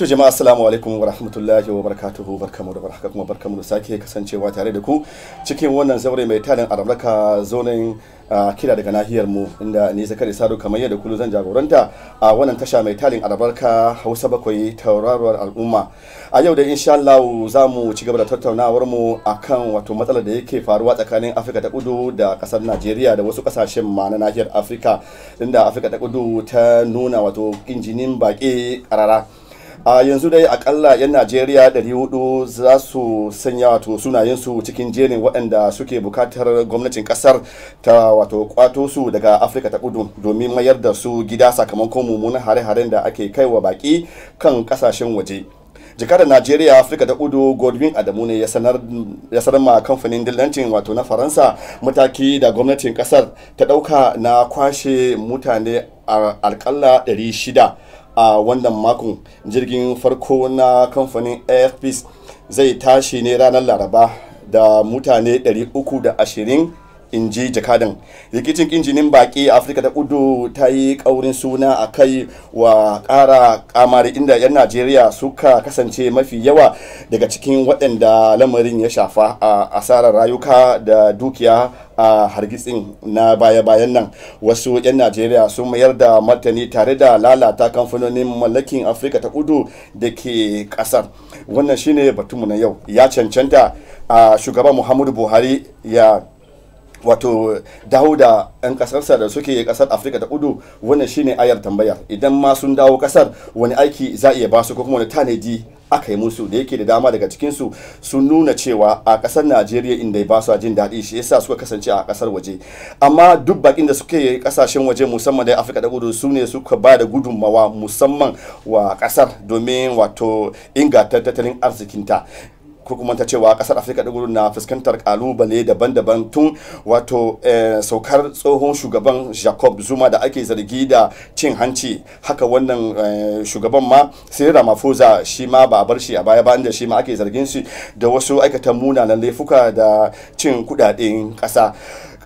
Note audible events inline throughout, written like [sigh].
To jama'a assalamu alaikum wa rahmatullahi wa barakatuhu barkamu da baraka kuma barkamu da sake kasancewa tare da ku cikin wannan zaure mai talin arabaka zonin kira daga nahiyar mu inda ni zakari sado kamar yadda kullu zan jagoranta a wannan tasha mai talin arabaka Hausa bakwai tauraruwar al'umma a yau da insha Allah za mu ci gaba da tattaunawar mu akan wato matsalar da yake faruwa tsakanin Afirka ta Kudu da kasar Najeriya da wasu kasashen ma na nahiyar Afirka inda Afirka ta Kudu ta nuna wato injinin baƙi ƙarara a yanzu dai akalla 'yan najeriya 400 za su sanya wato sunayensu cikin jerin waɗanda suke bukatar gwamnatin ƙasar ta wato kwato su daga afirka ta kudu domin mayar da su gida sakamakon mummunan hare-haren da ake kai wa baki kan ƙasashen waje jikadar najeriya afirka ta kudu godwin adamu ne ya sanar ma kamfanin dillancin wato na faransa mataki da gwamnatin ƙasar ta ɗauka na kwashe mutane a alkalla 600 a wannan makon jirgin farko na kamfanin airpeace zai tashi ne ranar laraba da mutane 320 in ji jakadan rikicin injinin baki afirka ta kudu ta yi kaurin suna a kai wa kara kamari inda 'yan najeriya suka kasance mafi yawa daga cikin waɗanda lamarin ya shafa a asarar rayuka da dukiya a hargitsin na baya-bayan nan wasu 'yan najeriya sun mayar da martani tare da lalata kamfanonin mallakin afirka ta kudu da ke kasar wannan shine batunmu na yau ya cancanta a shugaban muhammadu buhari ya wato dawo 'yan kasarsa da suke kasar afirka ta kudu wannan shine ayar tambayar idan ma sun dawo kasar wani aiki za iya su ko kuma wani tanadi aka yi musu da yake da dama daga cikin su sun nuna cewa a kasar najeriya inda ba su jin daɗi shi yasa suka kasance a kasar waje amma duk bakin da suke kasashen waje musamman da afirka ta kudu su ne suka ba da gudunmawa musamman wa kasar domin wato inganta tattalin arzikinta kurkumanta cewa kasar afirka da na fuskantar kalubale daban-daban tun wato eh, saukar tsohon shugaban jacob zuma da ake zargi da cin hanci haka wannan eh, shugaban ma sai ramaphosa shi ma ba bar shi a baya ba inda shi ma ake zargin shi da wasu muna na laifuka da cin kudaden kasa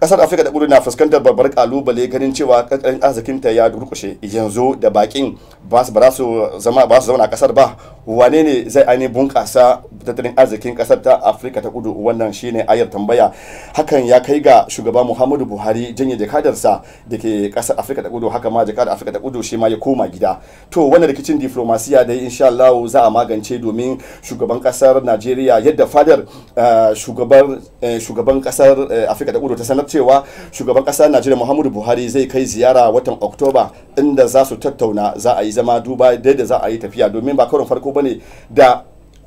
kasar afirka da kudu na fuskantar babbar kalubale ganin cewa kankanin arzikinta ya durkushe yanzu da bakin ba su zama ba kasar ba wane ne zai ainihin bunƙasa tattalin arzikin ƙasar ta afirka ta kudu wannan shine ayar tambaya hakan ya kai ga shugaba muhammadu buhari janye jakadarsa da ke ƙasar afirka ta kudu haka ma jakadar afirka ta kudu shi ma ya koma gida to wannan rikicin diflomasiya dai insha allahu za a magance domin shugaban ƙasar najeriya yadda fadar eh, eh, shugaban ƙasar eh, afirka ta kudu ta sanar cewa shugaban ƙasar najeriya muhammadu buhari zai kai ziyara watan oktoba inda za su tattauna za a yi zama duba da za a yi tafiya domin ba karon farko ne da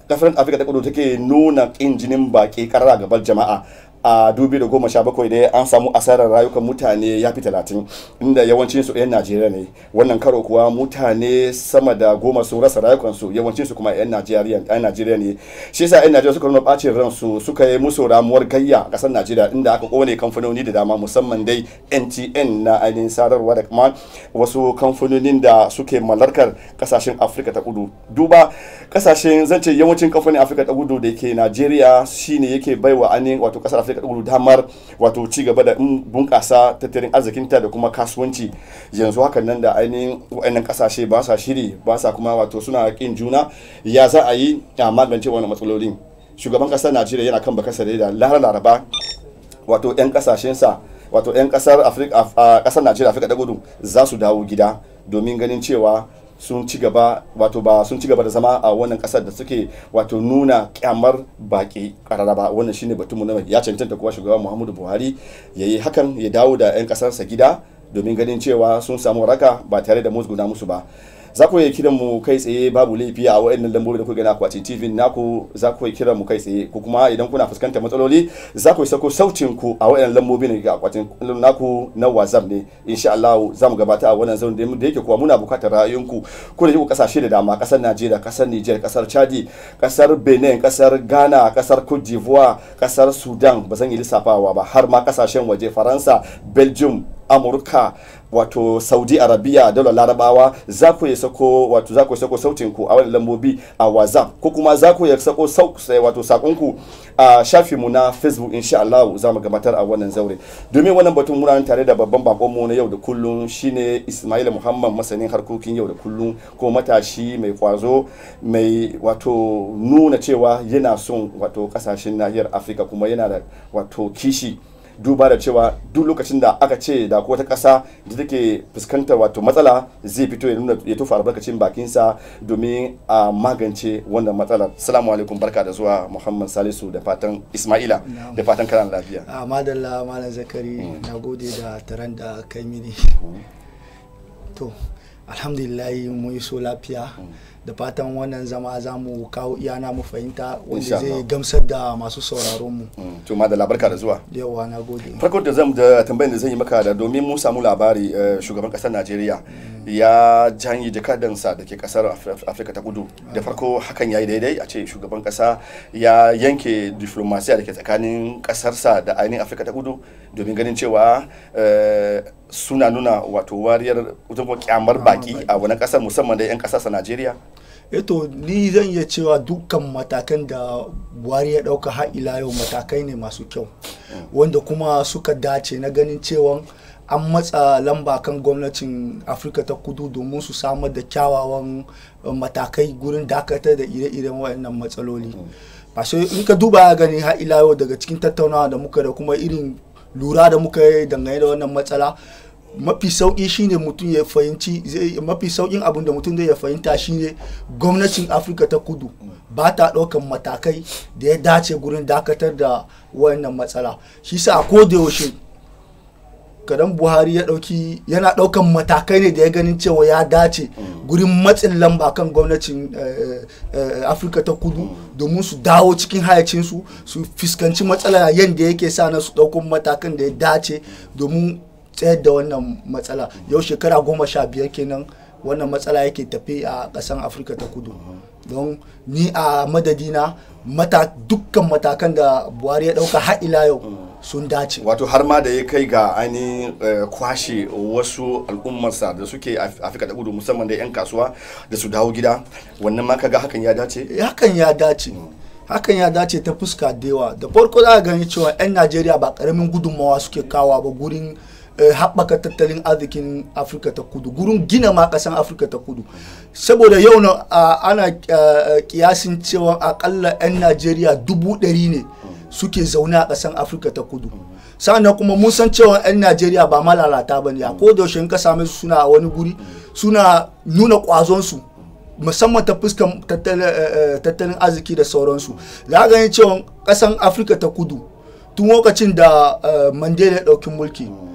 kasar afirka ta kudu take nuna kin jinin baki karara gabar jama'a a 2017 dai an samu asarar rayukan mutane ya fi 30 inda yawancin su 'yan Najeriya ne wannan karo kuwa mutane sama da goma sun rasa rayukansu yawancin su kuma 'yan Najeriya 'yan Najeriya ne shi yasa 'yan Najeriya suka nuna bacin ransu suka yi musu ramuwar gayya a kasar Najeriya inda aka kone kamfanoni da dama musamman dai NTN na ainihin sadarwa da kuma wasu kamfanonin da suke mallakar kasashen Afirka ta Kudu duba kasashen zance yawancin kamfanin Afirka ta Kudu da ke Najeriya shine yake baiwa ainihin wato kasar Afirka ta damar wato ci gaba da bunƙasa tattalin arzikinta da kuma kasuwanci yanzu hakan nan da ainihin wa'annan ƙasashe ba sa shiri ba sa kuma wato suna ƙin juna ya za a yi a magance wannan matsalolin shugaban ƙasar najeriya yana kan sare da laraba wato 'yan ƙasashensa wato 'yan ƙasar najeriya afirka ta gudu za su dawo gida domin ganin cewa sun ci gaba wato ba sun ci gaba da zama a wannan kasar da suke wato nuna kyamar baki karara ba wannan shine batunmu na ya cancanta kuwa shugaban Muhammadu Buhari yayi hakan ya dawo da 'yan kasarsa gida domin ganin cewa sun samu raka ba tare da musguna musu ba za ku iya kiran mu kai tsaye babu laifi a waɗannan lambobi da kuka gani akwatin TV naku za ku iya kiran mu kai tsaye ko kuma idan kuna fuskantar matsaloli za ku sako sautin ku a waɗannan lambobi ne ga akwatin naku na WhatsApp ne insha Allah za mu gabata a wannan zaune da yake kuwa muna bukatar ra'ayinku ku da ku kasashe da dama kasar Najeriya kasar Niger kasar Chadi kasar Benin kasar Ghana kasar Cote d'Ivoire kasar Sudan ba zan yi lissafawa ba har ma kasashen waje Faransa Belgium Amurka wato saudi arabia dalar larabawa za ku sako wato sako sautin ku a wani lambobi a whatsapp ko kuma za ku sako eh, wato sakon ku a shafinmu mu na facebook insha Allah za mu gabatar a wannan zaure domin wannan batun muna tare da babban bakon mu na yau da kullun shine Ismail Muhammad masanin harkokin yau da kullun ko matashi mai kwazo mai wato nuna cewa yana son wato kasashen nahiyar Afirka kuma yana da wato kishi duba da cewa duk lokacin da aka ce da wata kasa da take fuskantar wato matsala zai fito ya nuna ya tufa albarkacin bakinsa domin a magance wannan matsalar salamu alaikum barka da zuwa muhammad salisu da fatan ismaila da fatan karan lafiya a ah, madalla malam zakari mm. na gode da taron da kai mini mm. to alhamdulillah mun yi so lafiya mm. da fatan wannan zama za mu kawo ya na mu fahimta wanda zai gamsar da masu sauraron mu mm, to da labarka da zuwa yawa na gode farko da zan da tambayar da zan yi maka da domin mu samu labari eh, shugaban kasar Najeriya mm. ya janye jakadansa da ke kasar Afirka ta Kudu da farko hakan ya yi daidai a ce shugaban kasa ya yanke diplomasiya da ke tsakanin sa da ainihin Afirka ta Kudu domin ganin cewa eh, suna nuna wato wariyar kyamar baki a wani kasar musamman da 'yan sa Najeriya eto eh ni zan iya cewa dukkan matakan da buhari ya dauka har ila yau matakai ne masu kyau wanda kuma suka dace na ganin cewa an matsa lamba kan gwamnatin afirka ta kudu domin su samar da kyawawan eh, matakai gurin dakatar da ire-iren waɗannan matsaloli fashe in ka duba ya gani har ila yau daga cikin tattaunawa da muka da kuma irin lura da muka yi dangane da wannan matsala mafi sauki shine mutum ya fahimci mafi saukin abin da mutum zai ya fahimta shine gwamnatin afirka ta kudu ba ta ɗaukan matakai da ya dace gurin dakatar da wannan matsala shi sa a yaushe kadan buhari ya ɗauki yana ɗaukan matakai ne da ya ganin cewa ya dace gurin matsin lamba kan gwamnatin eh, eh, afirka ta kudu domin su dawo cikin hayacinsu su fuskanci matsala yadda yake sa na su ɗaukun matakan da ya dace domin tsayar da wannan matsala yau shekara goma sha biyar kenan wannan matsala yake tafi a ƙasan afirka ta kudu don ni a madadina mata dukkan matakan da buhari ya ɗauka har ila yau sun dace wato har ma da ya kai ga ani eh, kwashe wasu al'ummarsa da suke afirka ta kudu musamman da 'yan kasuwa da su dawo gida wannan ma kaga hakan ya dace eh, hakan ya dace hakan ya dace ta fuska da da farko za a gani cewa 'yan najeriya ba karamin gudunmawa suke kawa ba gurin Eh, haɓaka tattalin arzikin afirka ta kudu gurin gina ma ƙasan afirka ta kudu saboda yau na ana kiyasin cewa akalla 'yan najeriya dubu ɗari ne suke zaune a ƙasan afirka ta kudu sannan kuma mun san cewa 'yan najeriya ba malalata ba ne a kodayaushe in ka same su suna a wani guri suna nuna ƙwazonsu musamman ta fuskan eh, eh, tattalin arziki da sauransu za ga cewa kasan afirka ta kudu tun lokacin da mandela ya ɗauki mulki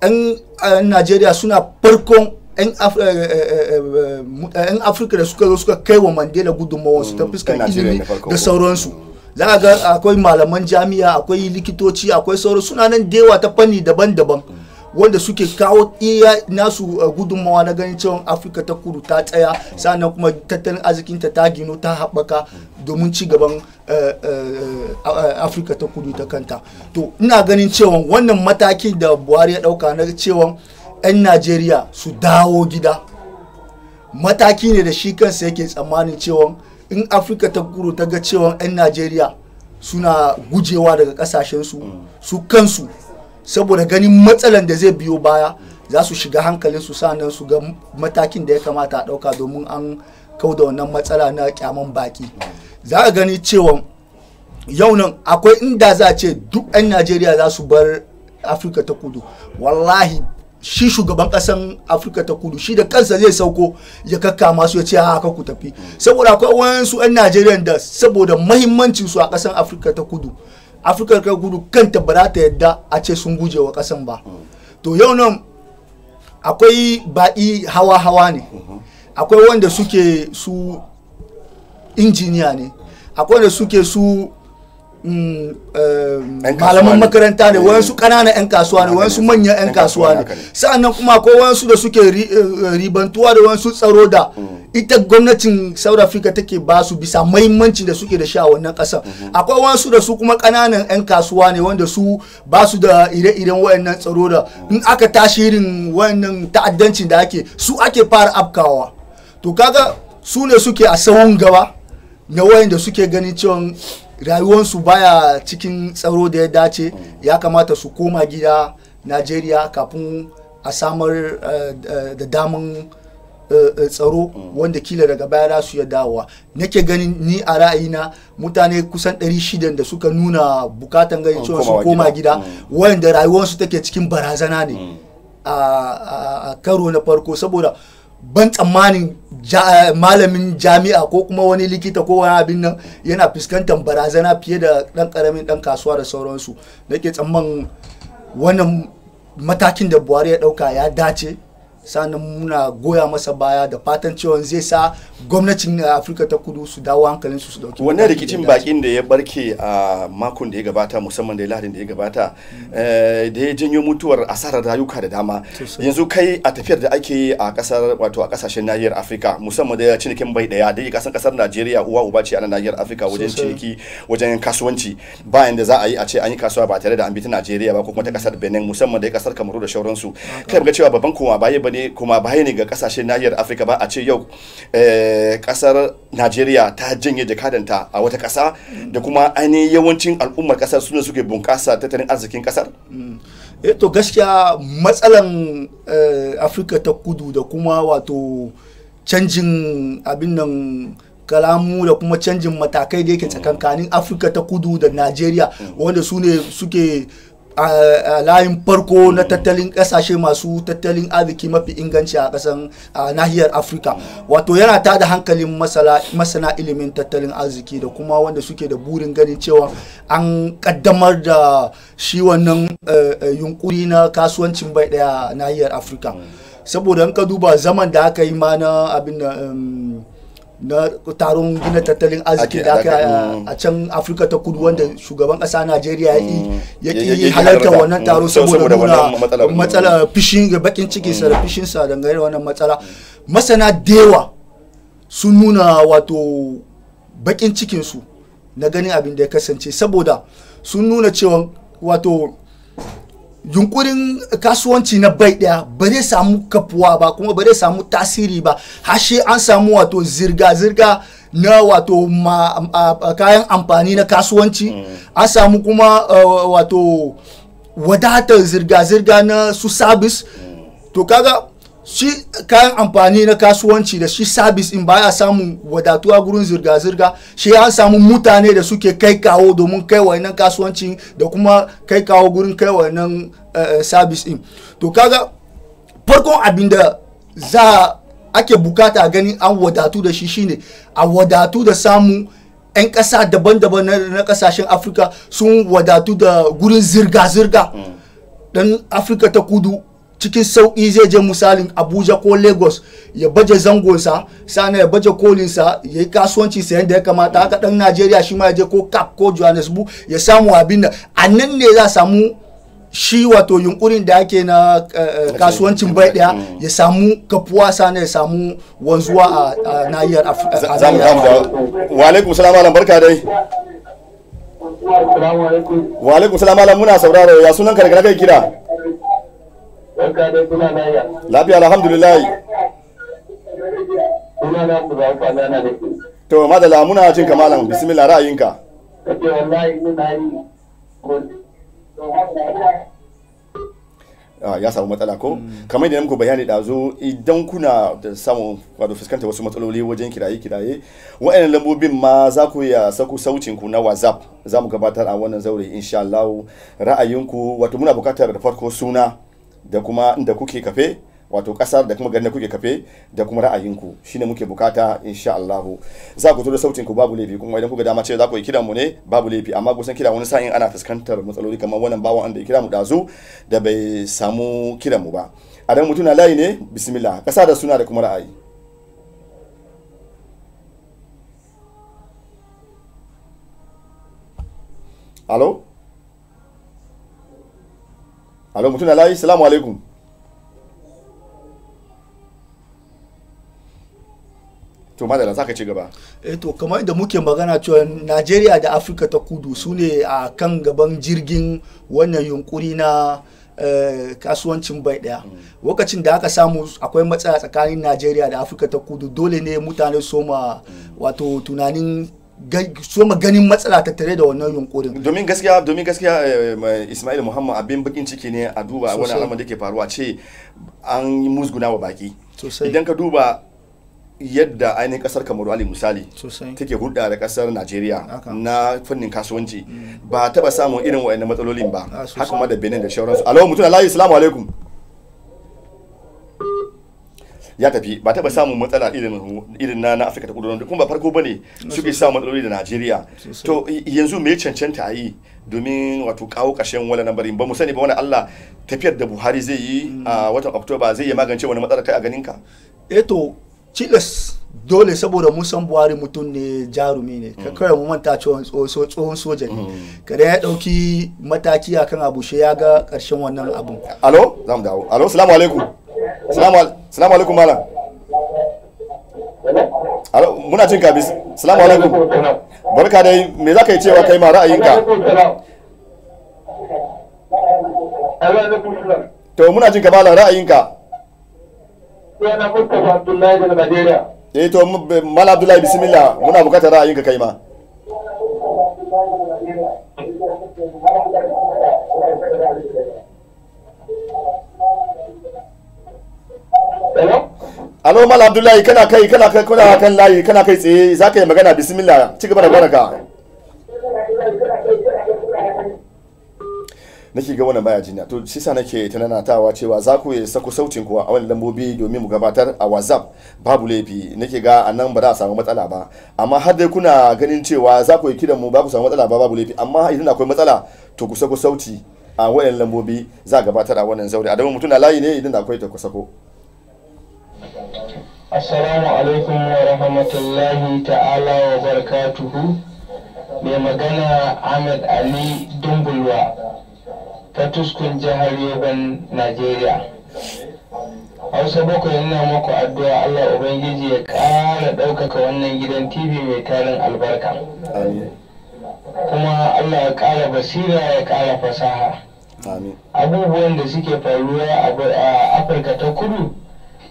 'yan najeriya suna farkon eh, eh, eh, 'yan afirka da suka zo suka kai wa mandela gudunmawansu ta mm, fuskar ilimi da sauransu mm. za a ga akwai malaman jami'a akwai likitoci akwai sauran suna nan dewa ta fanni daban-daban wanda suke kawo iya nasu uh, gudunmawa na ganin cewa afirka ta kudu ta tsaya sannan kuma tattalin arzikinta ta gino ta haɓaka domin ci gaban uh, uh, afirka ta kudu ta kanta to ina ganin cewa wannan matakin da buhari ya ɗauka na cewa 'yan najeriya su dawo gida mataki ne da shi kansa yake tsammanin cewa in afirka ta kudu ta ga cewa 'yan najeriya suna gujewa daga kasashensu su kansu saboda ganin matsalan da zai biyo baya za su shiga hankalin su nan su ga matakin da ya kamata a ɗauka domin an kau da wannan matsala na kyaman baki za a gani cewa yau nan akwai inda za a ce duk 'yan najeriya za su bar afirka ta kudu wallahi shi shugaban kasan afirka ta kudu shi da kansa zai sauko ya kakka masu ya ce haka ku tafi saboda akwai wayansu 'yan najeriya da saboda mahimmancin su a kasan afirka ta kudu afirka ka gudu kanta ba za ta yadda a ce sun guje wa kasan ba to yau nan akwai baƙi hawa-hawa ne akwai wanda suke su injiniya ne akwai wanda suke su Mm, um, malaman makaranta ne eh. wayansu kanana 'yan kasuwa ne wayansu manyan 'yan kasuwa ne sa'annan kuma ko wayansu da suke eh, eh, ribantuwa da wayansu tsaro da mm. ita gwamnatin south africa take ba su bisa mahimmanci da suke da shi a wannan kasar mm-hmm. akwai wasu da su kuma kananan 'yan kasuwa ne wanda su ba su da ire-iren wayannan tsaro da mm. in aka irin wayannan ta'addancin da ake su ake fara afkawa to kaga su ne suke a sahun gaba na wayanda suke ganin cewa rayuwansu baya cikin tsaro da ya dace ya kamata su koma gida najeriya kafin a samar eh, eh, da daman eh, tsaro wanda kila daga baya za su ya dawowa nake ganin ni a ra'ayina mutane kusan 600 da suka nuna bukatan gani mm, cewa su koma gida mm. wayanda rayuwarsu take cikin barazana ne mm. a karo na farko saboda ban tsammanin eh, malamin jami'a ko kuma wani likita ko wani abin nan yana fuskantar barazana fiye da ɗan karamin ɗan kasuwa da sauransu nake tsamman wannan matakin da buhari ya ɗauka ya dace sannan muna goya masa baya da fatan cewa zai sa gwamnatin eh, afirka ta kudu su dawo hankalinsu su dauki wannan rikicin bakin da ya barke a makon da ya gabata musamman da lahadin da ya gabata eh, da ya janyo mutuwar asarar rayuka da dama yanzu kai a tafiyar da ake yi a kasar wato a kasashen nahiyar afirka musamman da cinikin bai daya da kasan kasar najeriya uwa uba ce a nahiyar afirka wajen ciniki wajen kasuwanci bayan da za a yi a ce an yi kasuwa ba tare da an bi ta najeriya ba ko kuma ta kasar benin musamman da kasar kamaru da shauransu kai ga cewa babban koma baya bane ne kuma baya ne ga kasashen nahiyar afirka ba a ce yau eh, kasar najeriya ta janye jakadanta a wata kasa da kuma ainihin yawancin al'ummar kasar suna suke bunkasa tattalin arzikin kasar mm. eh to gaskiya matsalan eh, afirka ta kudu da kuma wato canjin abin nan kalamu da kuma canjin matakai da yake tsakankanin afirka ta kudu da najeriya mm. wanda su ne suke a layin farko na tattalin kasashe masu tattalin arziki mafi inganci a kasan nahiyar afirka wato yana ta da hankalin masana ilimin tattalin arziki da kuma wanda suke da burin ganin cewa an kaddamar da shi wannan e, e, yunkuri na kasuwancin bai daya nahiyar afirka saboda in ka duba zaman da aka yi ma na abin na taron gina tattalin arziki da aka a mm. can afirka ta kudu wanda shugaban kasa najeriya ya mm. ki halarta wannan taro mm. saboda nuna matsala fishin bakin ciki sa da fishin sa dangane da wannan matsala masana dewa sun nuna wato bakin cikin su na ganin abin da ya kasance saboda sun nuna cewa wato yunkurin kasuwanci na bai daya ba zai samu kafuwa ba kuma ba zai samu tasiri ba hashe an samu wato zirga-zirga na wato kayan amfani na kasuwanci mm. an samu kuma wato wadatar zirga-zirga na su sabis mm. to kaga shi kayan amfani na kasuwanci da shi sabis in baya samun wadatuwa gurin zirga-zirga shi an samu mutane da suke kai kawo domin kai wannan kasuwanci da kuma kai kawo gurin kai wannan eh, eh, sabis in to kaga farkon abin da za ake bukata gani an wadatu da shi shine a wadatu da samu 'yan kasa daban-daban na kasashen afirka sun wadatu da gurin zirga-zirga mm. don afirka ta kudu cikin sauƙi zai je misalin abuja ko lagos ya baje zangonsa sana ya baje kolinsa ya yi kasuwanci sayan da ya kamata haka dan najeriya shi ma ya je ko cap ko johannesburg ya samu abin da a nan ne za samu shi wato yunkurin da ake na eh, eh, kasuwancin bai daya ya samu kafuwa sana ya samu wanzuwa a nahiyar afirka wa alaikum salaam alam barka dai wa alaikum salam alam muna sauraro ya sunan ka daga kai kira lafiya alhamdulillahi to madala muna cin kamalan bismillah ra'ayinka ah, ya samu matsala ko hmm. kamar da muku bayani ɗazu idan kuna da samun wato fuskanta wasu matsaloli wajen kiraye kiraye wa'annan lambobin ma za ku ya saku saucin ku na whatsapp za mu gabatar a wannan zaure insha Allah ra'ayinku wato muna buƙatar da farko suna da kuma inda kuke kafe wato kasar da kuma garin da kuke kafe da kuma ra'ayinku shine muke bukata insha Allah za ku zo da sautin ku babu laifi kuma idan kuka dama ce za ku yi kiran mu ne babu laifi amma kusan kira wani sa'in ana fuskantar matsaloli kamar wannan bawan da kira mu dazu da bai samu kiran mu ba a dan mutuna layi ne bismillah kasa da suna da kuma ra'ayi alo alo mutum na layi salamu alaikum to madala za ka ci gaba eh to kamar da muke magana cewa najeriya da afirka ta kudu su ne a kan gaban jirgin wannan yunkuri na eh, kasuwancin bai daya mm. lokacin da aka samu akwai matsala tsakanin najeriya da afirka ta kudu dole ne mutane soma mm. wato tunanin so ma ganin matsala tattare da wannan yunkurin domin gaskiya domin gaskiya eh, Ismail Muhammad abin bakin ciki ne a duba wani alama da ke faruwa ce an yi musguna wa baki idan ka duba yadda ainihin kasar kamaru ali misali take hulɗa da kasar nigeria na fannin kasuwanci mm. ba taba samun irin wa'annan matsalolin ba ah, haka ma da benin da shauransu alawa mutum alayi salamu alaikum ya tafi ba taɓa samun matsala irin irin na na Afirka ta kudu kuma ba farko bane suke samun matsaloli da Najeriya to yanzu me cancanta a yi domin wato kawo ƙarshen wani lambarin ba mu sani ba wani Allah tafiyar da Buhari zai yi mm. a watan Oktoba zai yi magance wani matsala kai a ganin ka eh to cilas dole saboda mun san buhari mutum ne jarumi ne ka mm. kawai mu manta tsohon soja ne mm. kada ya dauki mataki akan abu ya ga karshen wannan abun alo zamu dawo alo assalamu alaikum salamu alaikum malam muna cin kabis salamu alaikum barka dai me za ka yi cewa kai ma ra'ayinka to muna cin ka malam ra'ayinka yana abdullahi najeriya eh to Mala abdullahi bismillah muna bukatar ra'ayinka kai ma Alo Mal Abdullahi kana kai kana kai kuna kan layi kana kai tsaye za ka yi magana bismillah ci gaba da baraka. Nake ga wannan baya jinya to shi sa nake tunanatawa cewa za ku yi sako sautin kuwa a wani lambobi domin mu gabatar a WhatsApp babu laifi nake ga a nan ba za a samu matsala ba amma har dai kuna ganin cewa za ku yi kiran mu ba ku samu matsala ba babu laifi amma idan akwai matsala to ku sako sauti a wayan lambobi za a gabatar a wannan zaure a dama mutum na layi ne idan akwai ta ku sako. Assalamu alaikum wa rahmatullahi ta'ala wa barakatuhu mai magana Ahmed Ali Dumbulwa ta tuskun jihar Yoban, Najeriya. Hausa bakwai yana muku addu'a Allah Ubangiji ya ƙara ɗaukaka wannan gidan TV mai tarin albarka. Kuma Allah ya ƙara basira ya ƙara fasaha. Abubuwan da suke faruwa a Afirka ta kudu.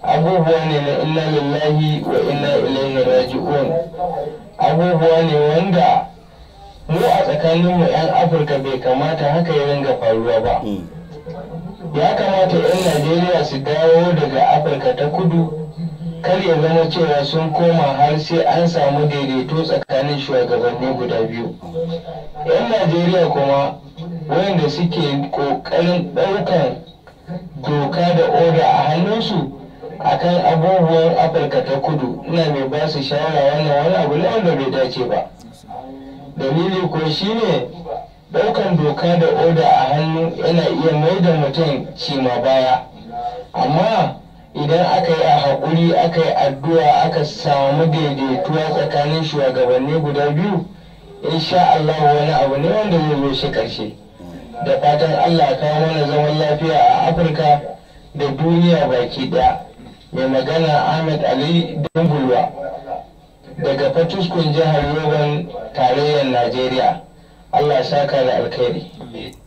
abubuwa ne na inna lillahi wa inna ilaihi raji'un abubuwa ne wanda mu a tsakanin mu 'yan afirka bai kamata haka ya ringa faruwa ba hmm. ya kamata 'yan najeriya su dawo daga afirka ta kudu kar ya zama cewa sun koma har sai an samu daidaito tsakanin shugabanni guda biyu 'yan najeriya kuma wayanda suke kokarin ɗaukan doka da oda a hannunsu akan abubuwan afirka ta kudu ina mai ba su shawara wannan wani abu ne wanda bai dace ba dalili ko shine daukan doka da oda a hannu yana iya mai da mutum cima baya amma idan aka yi a haƙuri aka yi addu'a aka samu daidaituwa tsakanin shugabanni guda biyu insha Allah wani abu ne wanda zai zo shi ƙarshe da fatan Allah kawo mana zaman lafiya a afirka da duniya baki ɗaya mai magana ahmed ali dungulwa daga fatuskun jihar yoban tarayyar najeriya allah saka da alkhairi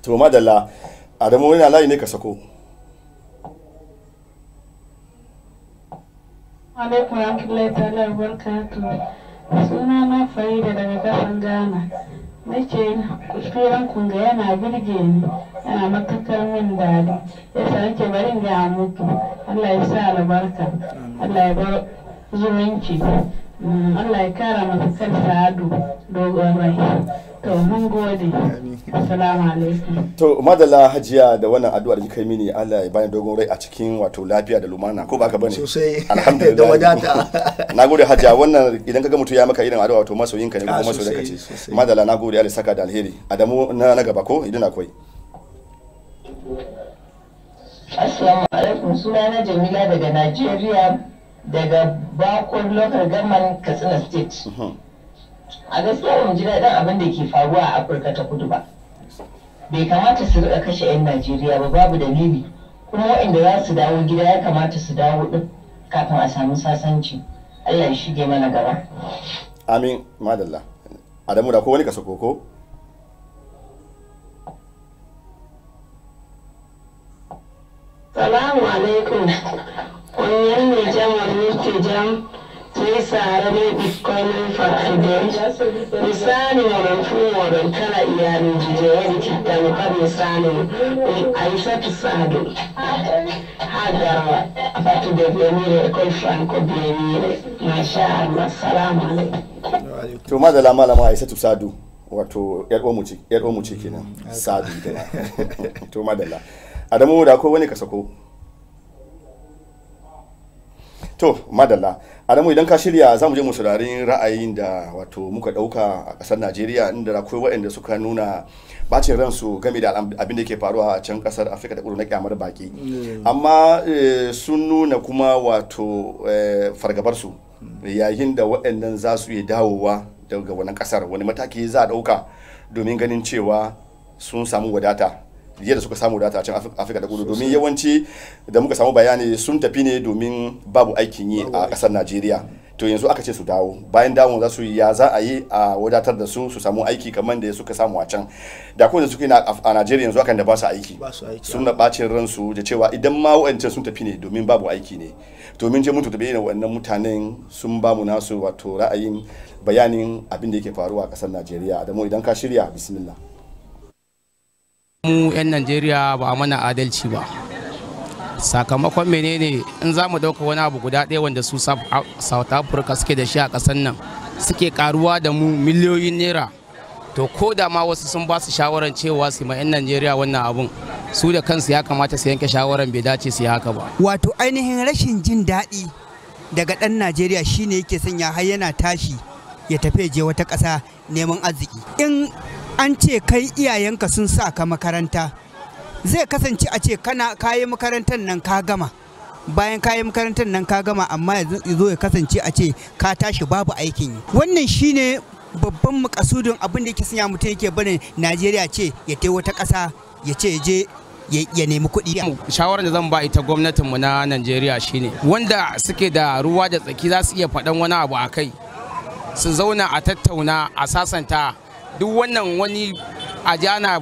to madalla adamu wani layi ne ka sako alaikun rahmatullahi ta'ala barkatu suna na farida daga kasan ghana nake kuskuren kunga yana birge ni yana matakar min daɗi yasa nake barin ga mutu Allah ya sa albarka Allah ya bar zumunci Mm, Allah ya kara masa karfa ado dogon rai to mun gode assalamu alaikum to madala hajiya da wannan addu'ar kika yi mini Allah ya bani dogon rai a cikin wato lafiya da lumana ko baka bane sosai alhamdulillah [laughs] da wadata [laughs] nagode hajiya wannan idan kaga mutum ya maka irin addu'a to masoyin ka ne ko ah, masoyin ka ce madala nagode Allah saka da alheri adamu na na gaba ko idan akwai assalamu alaikum Suna na jamila daga najeriya daga bakon local government katsina state a gaskiya ba mu ji daɗin abin da ke faruwa a afirka ta kudu ba bai kamata su riƙa kashe 'yan najeriya ba babu dalili kuma waɗanda za su dawo gida ya kamata su dawo ɗin kafin a samu sasanci allah ya shige mana gaba amin madalla adamu da ko wani kasa koko salamu alaikum ne leggiamo questi jam sai sare bitcoin farfide, misali non fu non kala iyalin jijiyar kitta ne kan misali un aisatu sadu hadarwa a fatu da benire kai franco benire masha Allah salamu alaikum to madala malama aisatu sadu wato yar umu ce kenan sadu da [laughs] to madala adamu da ko wani kasako to madalla adamu idan ka shirya za mu je mu saurari ra'ayin da wato muka dauka a kasar najeriya inda da akwai waɗanda suka nuna bacin ransu game da abin da ke faruwa a can kasar afirka da kudu na kyamar baki mm. amma eh, sun nuna kuma wato eh, fargabarsu yayin da waɗannan za su yi dawowa daga wani kasar wani mataki za a dauka domin ganin cewa sun samu wadata yadda suka samu data a can afirka da kudu domin yawanci da muka samu bayani sun tafi ne domin babu aikin yi a kasar najeriya to yanzu aka ce su dawo bayan dawon za su yi ya za a yi a wadatar da su su samu aiki kamar da suka samu a can da kuma da suke a najeriya yanzu akan da ba su aiki sun da bacin ransu da cewa idan ma wa'ancan sun tafi ne domin babu aiki ne domin je mutu da bayyana wannan mutanen sun ba mu nasu wato ra'ayin bayanin abin da yake faruwa a kasar najeriya da mu idan ka shirya bismillah mu 'yan najeriya ba a mana adalci ba sakamakon menene in za mu dauka wani abu guda ɗaya wanda su south africa suke da shi a ƙasar nan suke karuwa da mu miliyoyin naira to ko da ma wasu sun ba su shawarar cewa su ma 'yan najeriya wannan abun su da kansu ya kamata su yanke shawarar bai dace su yi haka ba wato ainihin rashin jin daɗi daga ɗan najeriya shine yake sanya har yana tashi ya tafi je wata ƙasa neman arziki in an ce kai iyayenka sun sa ka makaranta zai kasance a ce kana kayi makarantar nan ka gama bayan kayi makarantar nan ka gama amma ya zo ya kasance a ce ka tashi babu aikin yi wannan shine babban makasudin abin da yake sanya mutum yake barin najeriya ce ya tai ta ƙasa ya ce je ya nemi kuɗi. shawarar da zan ba ita gwamnatinmu na najeriya shine wanda suke da ruwa da tsaki za su iya faɗan wani abu a kai su zauna a tattauna a sasanta duk wannan wani aji ana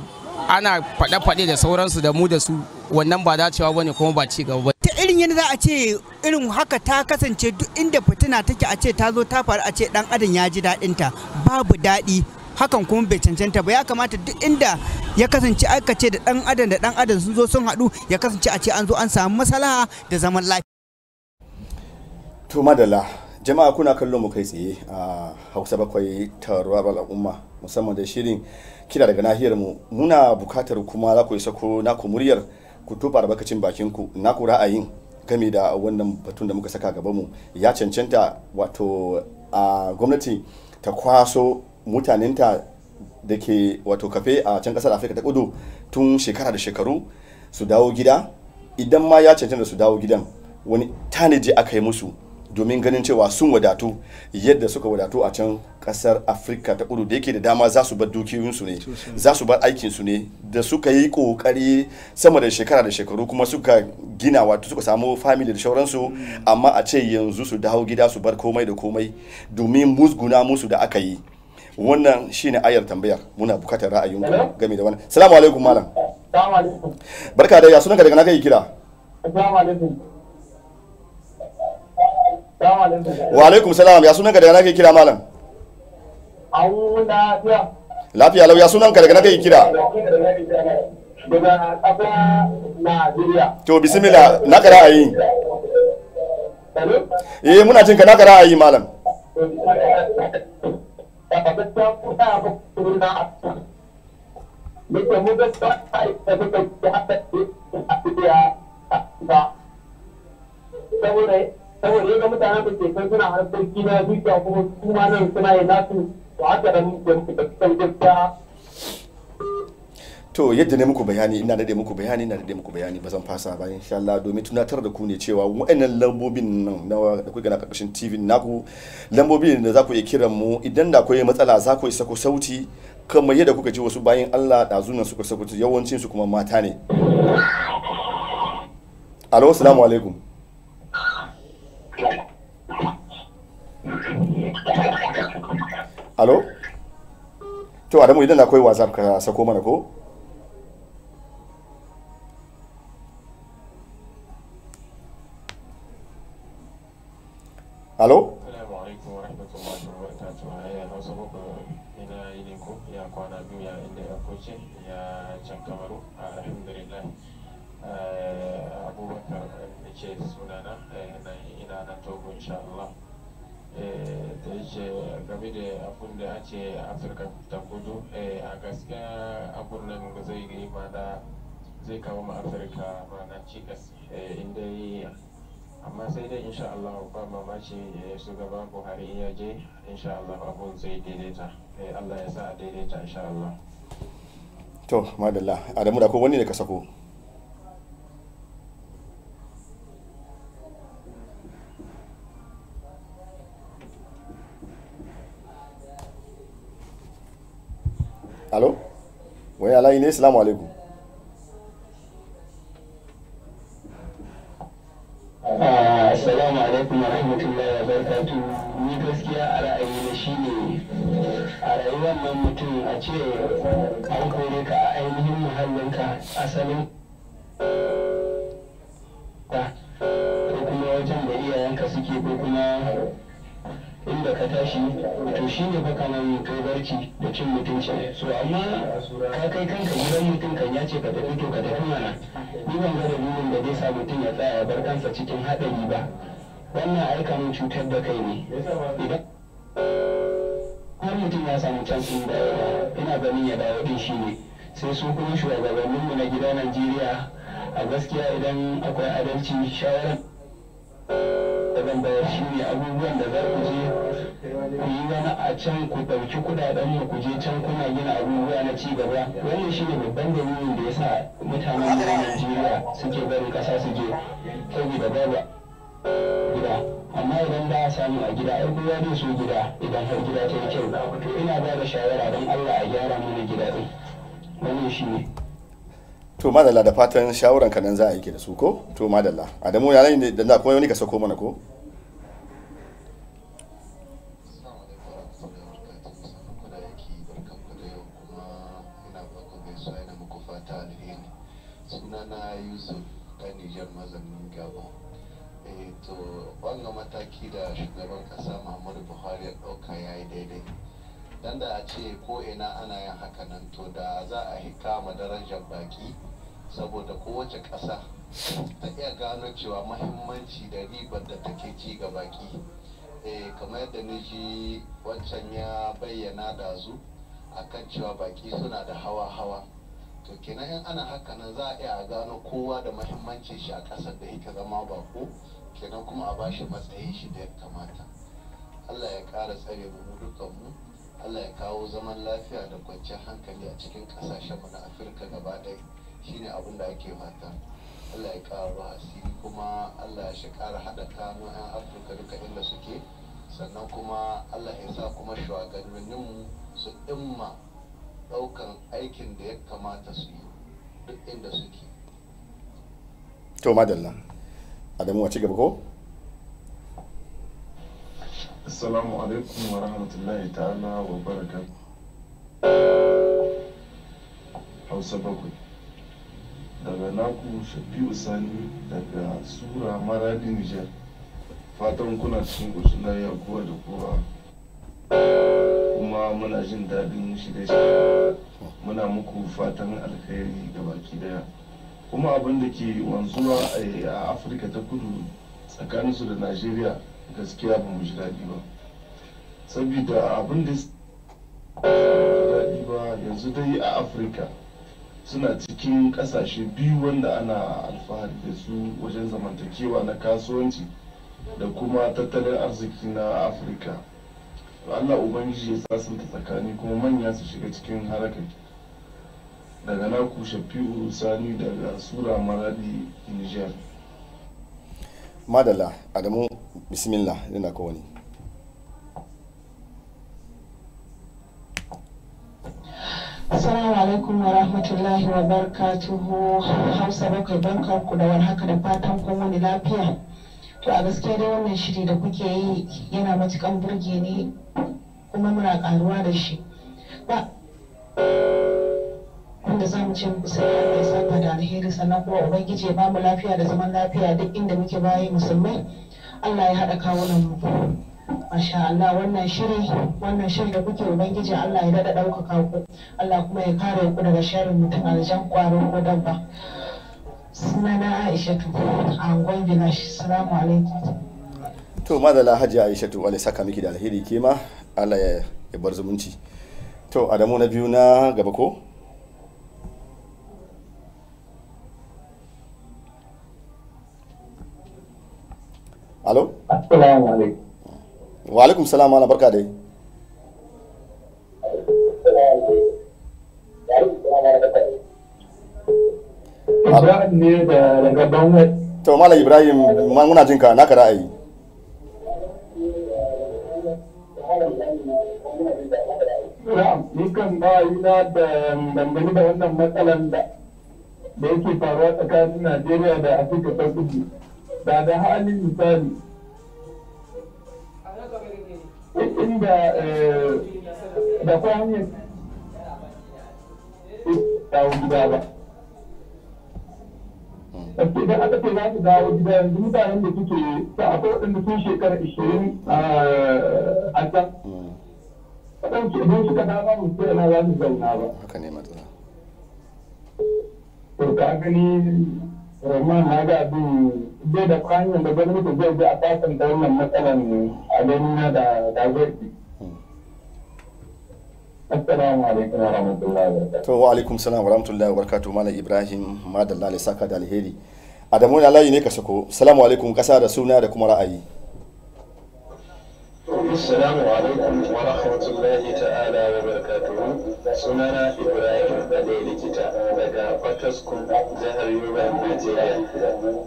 ana faɗe-faɗe da sauransu da mu da su wannan ba dacewa ba kuma ba ci gaba ba. ta irin yadda za a ce irin haka ta kasance duk inda fitina take a ce ta zo ta faru a ce dan adam ya ji daɗin babu daɗi hakan kuma bai cancanta ba ya kamata duk inda ya kasance aka ce da dan adam da dan adam sun zo sun haɗu ya kasance a ce an zo an samu masala da zaman lafiya. to madala jama'a kuna kallo mu kai tsaye a hausa bakwai taruwar al'umma musamman da shirin kira daga nahiyar mu muna bukatar kuma za ku isa ko naku muryar ku tufa albarkacin bakin ku naku ra'ayin game da wannan batun da muka saka gaba mu ya cancanta wato a gwamnati ta kwaso mutanenta da ke wato kafe a can kasar afirka ta kudu tun shekara da shekaru su dawo gida idan ma ya cancanta su dawo gidan wani tanaji aka yi musu domin ganin cewa sun wadatu yadda suka wadatu a can kasar afirka ta kudu da yake da dama za su bar dukiyoyinsu ne za su bar aikinsu ne da suka yi kokari sama da shekara da shekaru kuma suka gina wato suka samu family da shauransu mm. amma a ce yanzu su dawo gida su bar komai da komai domin musguna musu da aka yi wannan shine ayar tambayar muna bukatar ra'ayin ku game da wannan salamu alaikum malam barka da ya sunanka daga na kai kira assalamu alaikum wa alaikum salam ya sunan ka daga nake kira malam lafiya lau ya sunan ka daga nake kira to bismillah na kara ayi eh muna cinka na kara ayi malam saboda [laughs] saboda ga mutanen da ke kai suna harkoki na dukiya kuma su ma nan suna yi nasu to haka da muke da gaskiya to yadda ne muku bayani ina da muku bayani ina da muku bayani ba zan fasa ba insha Allah domin tunatar da ku ne cewa wa'annan lambobin nan na da kuke gana karkashin TV naku ku lambobin da za ku iya kiran mu idan da akwai matsala za ku isa ku sauti kamar yadda kuka ji wasu bayan Allah dazunan suka sauti yawancin su kuma mata ne Alo assalamu alaikum alo to adamu idan akwai whatsapp ka sako mana ko alo ce game da abin da ake afirka ta kudu eh, a gaskiya abin nan zai yi mana zai kawo ma afirka mana cikas eh, inda yi amma sai dai insha Allah ba mamaci eh, shugaba Buhari iya je insha Allah abun zai daidaita Allah ya sa a daidaita insha Allah to madalla adamu da ko wani ne ka sako alo wani alayi ne salamu alaikum ah, Assalamu alaikum wa rahmatullahi wa barakatu ni gaskiya a ra'ayi na shi ne a rayuwar nan mutum a ce an kore ka a ainihin muhallinka asalin shi ne baka nan kai barci da cin mutunci so amma ka kai kanka gidan mutum kan ya ce ka tafi to ka tafi mana ni ban ga dalilin da zai sa mutum ya tsaya ya bar kansa cikin haɗari ba wannan aika mun cutar da kai ne idan har mutum ya samu cansin da ina ganin ya dawo din shi ne sai su kuma mu na gida najeriya a gaskiya idan akwai adalci shawaran. daga shi ne abubuwan da za ku je ku yi wani a can ku ɗauki kuɗaɗen ku je can kuna gina abubuwa na ci gaba wannan shi ne babban dalilin da ya sa mutanen Najeriya suke barin ƙasa su je saboda babu gida amma idan ba a samu a gida ai kowa zai so gida idan har gida ta yi kyau ina ba da shawara don Allah a gyara mana gida ɗin wannan shi ne to madalla da fatan shawuran kanan za a yi da su ko to madalla adamu ya nan da na kuma wani ka sako mana ko sunana yusuf ɗan nijar mazaunin gabon eh, to wannan mataki da shugaban ƙasa muhammadu buhari ya ɗauka ya yi daidai dan da a ce ko ina ana yin haka nan to da za a hika darajar baki saboda kowace ƙasa ta iya gano cewa mahimmanci da ribar da take ci ga baki eh, kamar yadda na ji wancan ya bayyana da zu kan cewa baki suna da hawa-hawa to kenan in ana haka nan za a iya gano kowa da mahimmancin shi a ƙasar da yake zama bako kenan kuma a bashi matsayin shi da ya kamata allah ya ƙara tsare mu dukanmu allah ya kawo zaman lafiya da kwanciyar hankali a cikin ƙasashenmu na afirka gaba ɗaya shi ne abin da ake mata allah ya karo asiri kuma allah ya shekara haɗa kano 'yan afirka duka inda suke sannan kuma allah ya sa kuma shugabanninmu su imma ɗaukan aikin da ya kamata su yi duk inda suke to madalla adamu wace gaba ko assalamu alaikum wa rahmatullahi ta'ala wa barakatuh hausa bakwai daga naku shafi'u sani daga sura maradin nijar fatan kuna cikin kusurna ya kowa da kowa kuma muna jin daɗin shiga muna muku fatan alkhairi da baki daya kuma abin da ke wanzuwa eh, a afirka ta kudu tsakaninsu da najeriya gaskiya ba mu ji daɗi ba saboda abin da daɗi ba yanzu dai a afirka suna cikin kasashe biyu wanda ana alfahari da su wajen zamantakewa na kasuwanci da kuma tattalin arziki na afirka allah ubangiji ya sasanta tsakani kuma manya su shiga cikin harakar daga na ku shafi'u sani daga sura maradi niger madala adamu bismillah yana kowani Assalamu alaikum wa rahmatullahi wa barakatuhu Hausa bakwai bankar ku da warhaka da fatan kun wani lafiya. To a gaskiya dai wannan shiri da kuke yi yana matukan burge ni kuma muna karuwa da shi. Ba wanda za mu ce muku sai ya mai saka da alheri sannan kuma ubangiji ya mu lafiya da zaman lafiya duk inda muke bayi musulmai. Allah ya haɗa kawunan mu. Masha Allah wannan shiri wannan shiri da kuke ubangiji Allah ya dada ɗaukaka ku Allah kuma ya kare ku daga sharrin mutum jan kwarin ko dabba. Sunana Aishatu a Angon shi. Assalamu alaikum. To madala Hajji tu Allah saka miki da alheri ke ma Allah ya bar zumunci. To Adamu na biyu na gaba ko? Alo? Assalamu alaikum. wa alaikum salam ana barka dai to malam ibrahim ma muna jinka naka ra'ayi Nikan ba yi na da dangane da wannan matsalan da da yake faruwa tsakanin Najeriya da Afirka ta Kudu. Da da halin misali inda da eh, kwa hanyar dawo gida ba idan aka ce za su dawo gida yanzu mutanen da suke ta akwai waɗanda sun shekara ishirin eh, a can waɗansu idan suka dama musu yana za su zauna ba haka ne matsala to ka gani Rahman na ga abin bai da kwanan da gwamnati zai bi a fasan da wannan matsalan a ganina da dagwarki. Assalamu alaikum wa rahmatullahi wa To wa alaikum salam wa rahmatullahi wa barakatuhu Malam Ibrahim Madalla Saka da Alheri. Adamu na layi ne ka sako. Assalamu alaikum kasa da suna da kuma ra'ayi. Assalamu alaikum wa rahmatullahi ta'ala wa barakatuhu. sunana ibrahim bade likita daga fataskun jihar yoruba najeriya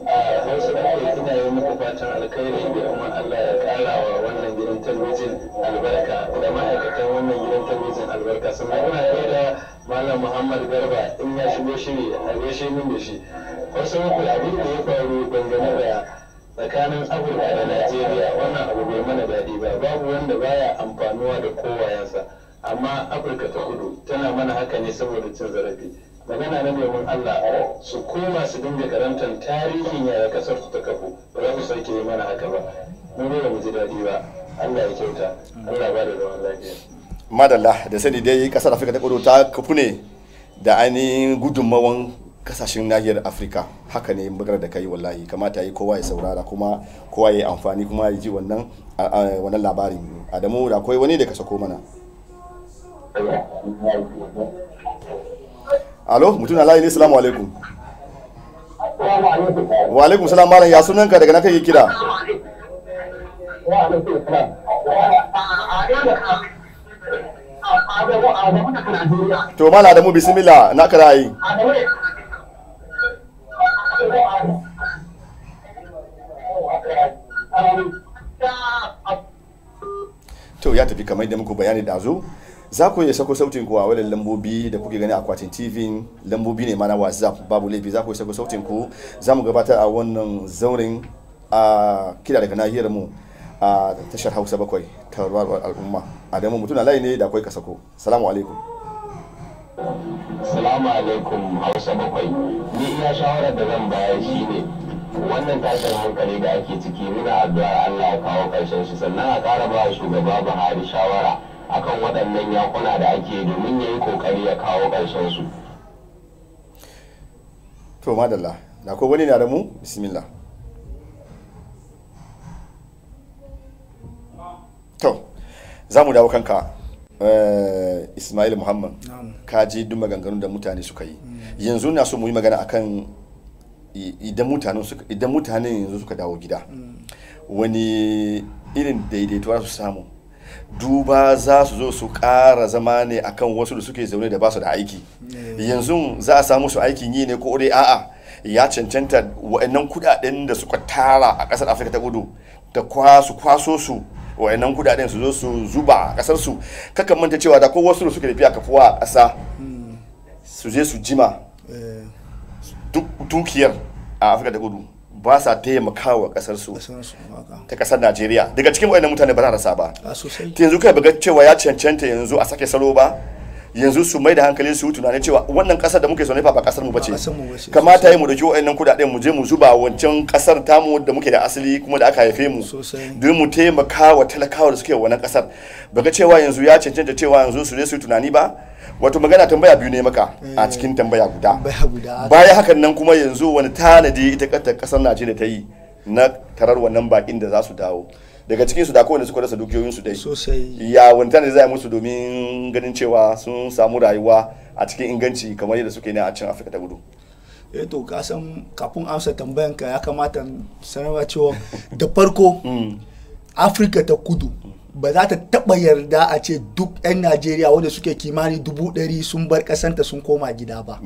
a hausa da ake ina yi muku fatan alkhairi da kuma allah ya kara wa wannan gidan talabijin albarka da ma'aikatan wannan gidan talabijin albarka sannan ina da malam muhammad garba in ya shigo shiri a gaishe min da shi wasu muku abin da ya faru dangane da tsakanin afirka da najeriya wannan abu bai mana daɗi ba babu wanda baya amfanuwa da kowayensa amma afirka ta kudu tana mana haka ne saboda cin zarafi magana na domin allah su koma su dinga karantar tarihin yaya kasar su ta kafu ba za su sake yi mana haka ba mun ba mu ji daɗi ba allah ya kyauta allah ba da zaman lafiya madalla da sani dai kasar afirka ta kudu ta kafu ne da ainihin gudunmawan kasashen nahiyar afirka haka ne magana da kai wallahi kamata yi kowa ya saurara kuma kowa ya yi amfani kuma ya ji wannan labarin adamu da akwai wani da ka sako mana alo mutum na layi ne salamu alaikum wa alaikum salam malam ya sunan ka daga na kai kira to malam adamu bismillah na kara yi to ya tafi kamar da muku bayani da zo za ku iya sako sautin ku a wadannan lambobi da kuke gani a akwatin tv lambobi ne mana whatsapp babu laifi za ku iya sako sautin ku za mu gabatar a wannan zaurin a kira daga nahiyar mu a tashar hausa bakwai ta ruwar al'umma damar mutum layi ne da akwai ka sako salamu alaikum salamu alaikum hausa bakwai ni iya shawarar da zan shi ne. wannan tashin hankali da ake ciki muna addu'ar Allah ya kawo ƙarshen shi sannan a ƙara ba shugaba Buhari shawara akan waɗannan yakuna da ake domin ya yi kokari ya kawo ƙarshen su to madalla da ko wani na da mu bismillah to za mu dawo kanka Uh, Ismail Muhammad ka ji duk maganganun da mutane suka yi mm. yanzu na so mu yi magana akan idan idan mutane yanzu suka dawo gida mm. wani irin daidaito su samu duba za su zo su ƙara zama ne akan wasu da suke zaune da ba su da aiki eh. yanzu za a samu su aikin yi ne ko dai a'a ya cancanta wa'annan kudaden da suka tara a ƙasar afirka ta kudu da kwasu kwaso su wa'annan kudaden su zo su zuba a ƙasar su kakan manta cewa da ko wasu da suke tafiya kafuwa a ƙasa hmm. su je su jima eh. duk dukiyar a afirka ta kudu ba sa taimakawa kasar su ta kasar Najeriya daga cikin wayannan mutane ba za rasa ba yanzu kai baga cewa ya cancanta yanzu a sake salo ba yanzu su mai da hankali su tunanin cewa wannan kasar da muke so ne ba kasar mu bace kamata yi mu dauki wayannan kudaden mu je mu zuba wancan kasar tamu da muke da asali kuma da aka haife mu don mu taimakawa talakawa da suke wannan kasar baga cewa yanzu ya cancanta cewa yanzu su je su tunani ba wato magana tambaya biyu ne maka a eh, cikin tambaya guda baya hakan nan kuma yanzu wani tanadi ita kanta kasar Najeriya ta yi na tarar wannan bakin da za su dawo daga cikin su da kowanne suka rasa dukiyoyinsu dai ya wani tanadi za a musu domin ganin cewa sun samu rayuwa a cikin inganci kamar yadda suke ne a cikin Afirka ta gudu. eh to ka san kafin amsa tambayanka ya kamata sanarwa cewa da farko mm. Afirka ta Kudu ba za ta taɓa yarda a ce duk 'yan najeriya wanda suke kimani dubu ɗari sun bar ƙasanta sun koma gida ba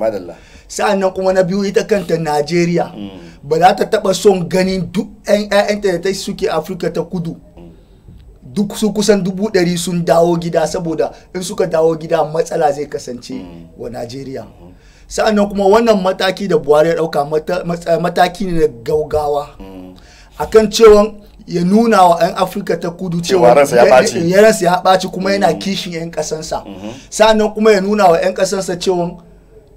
sa'an nan kuma na biyu ita kanta najeriya mm. ba za ta taɓa son ganin duk 'yan 'ya'yanta da suke afirka ta kudu mm. duk su kusan dubu ɗari sun dawo gida saboda in suka dawo gida matsala zai kasance mm. wa najeriya sa'an nan kuma wannan mataki da buhari ya ɗauka mataki ne na gaugawa akan cewa ya nuna wa 'yan afirka ta kudu cewa yaransa ya ɓaci kuma yana mm. kishin 'yan ƙasansa mm-hmm. sannan kuma ya nuna wa 'yan ƙasansa cewa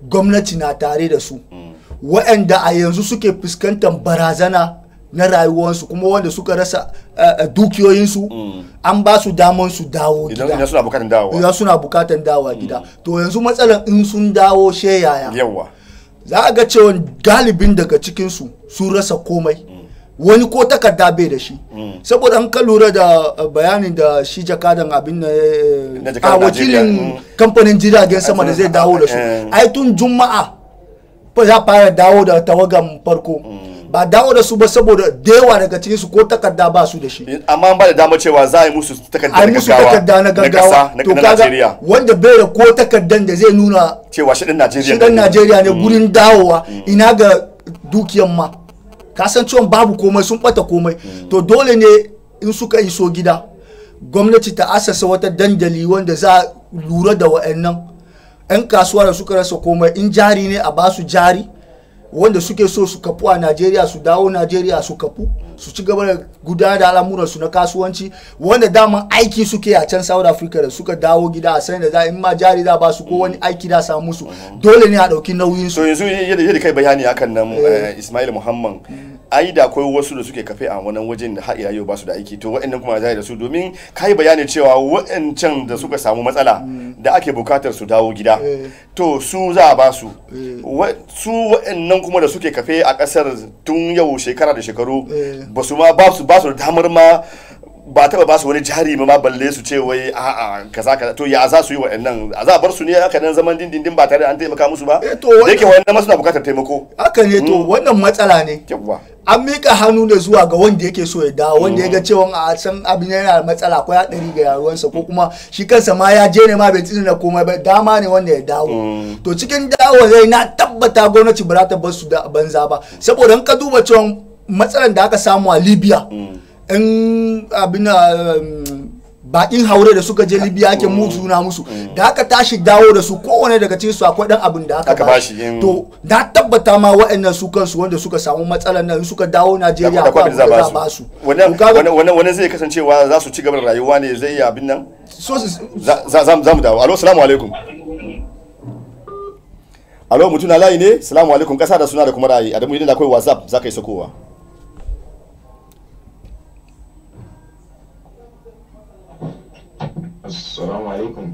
gwamnati na tare da su mm. waɗanda a yanzu suke fuskantar barazana na rayuwarsu kuma wanda suka rasa eh, eh, dukiyoyinsu mm. an ba su daman su dawo gida idan suna bukatan dawa gida to yanzu matsalar in sun dawo sheyaya yaya za a ga cewa galibin daga cikinsu sun rasa komai wani ko takarda bai da shi mm. saboda an ka lura da uh, bayanin da shi jakadan abin na eh, a wakilin mm. kamfanin jiragen sama da zai dawo da su eh. ai tun juma'a ya fara dawo da tawagan farko mm. ba dawo da su ba saboda da yawa daga cikin su ko takarda ba su da shi amma ba da dama cewa za a yi musu takarda na gaggawa kasa na gaggawa to kaga wanda bai da ko takardan da zai nuna cewa shi dan Najeriya shi dan Najeriya ne gurin dawowa ina ga dukiyan ma ka san babu komai sun bata komai mm. to dole ne in suka iso gida gwamnati ta asasa wata dandali wanda za lura da wa'annan 'yan kasuwa da suka rasa komai in jari ne a basu jari wanda suke so su kafu a najeriya su dawo najeriya su kafu su ci gaba da gudanar da al'amuransu na kasuwanci wanda daman aiki suke a can south africa da suka dawo gida a sani da za in ma jari za ba su ko wani aiki da samu musu mm-hmm. dole ne a ɗauki nauyin su yanzu yadda kai bayani akan nan eh. Eh, ismail muhammad mm. ai da akwai wasu da suke kafe a wannan wajen da har yau ba su da aiki to waɗannan kuma zai da su domin kai bayani cewa waɗancan da suka samu matsala da ake bukatar su dawo gida eh. to su za a ba su eh. su waɗannan kuma da suke kafe a ƙasar tun yau shekara da shekaru eh. ba su ma ba su da damar ma ba taba ba su wani jari ba ma balle su ce wai a'a kaza kaza to ya za su yi nan a za bar su ne aka nan zaman dindindin ba tare da an taimaka musu ba eh, da yake wa'annan masu na bukatar taimako haka ne to hmm. wannan matsala ne an mika hannu ne zuwa ga wanda yake so ya dawo wanda ya ga hmm. cewa a san abin yana matsala ko ya dari ga yaruwansa ko kuma shi kansa ma ya je ne ma bai tsina komai ba dama ne wanda ya dawo hmm. to cikin dawo zai na tabbata gwamnati ba za ta bar su da banza ba saboda in ka duba cewa matsalan da aka samu a libya in abin um, bakin haure da suka je libya ake mm. musu na musu mm. da aka tashi dawo da su kowane daga cikin su akwai dan abin da aka bashi to na tabbata ma waɗannan su kansu wanda suka samu matsalar nan suka dawo najeriya akwai abin da za ba su wani zai kasancewa za su ci gaba da rayuwa ne zai yi abin nan za mu dawo alo assalamu alaikum alo mutuna na layi ne assalamu alaikum kasa da suna da kuma ra'ayi adamu idan akwai whatsapp za ka yi sakowa Assalamu alaikum.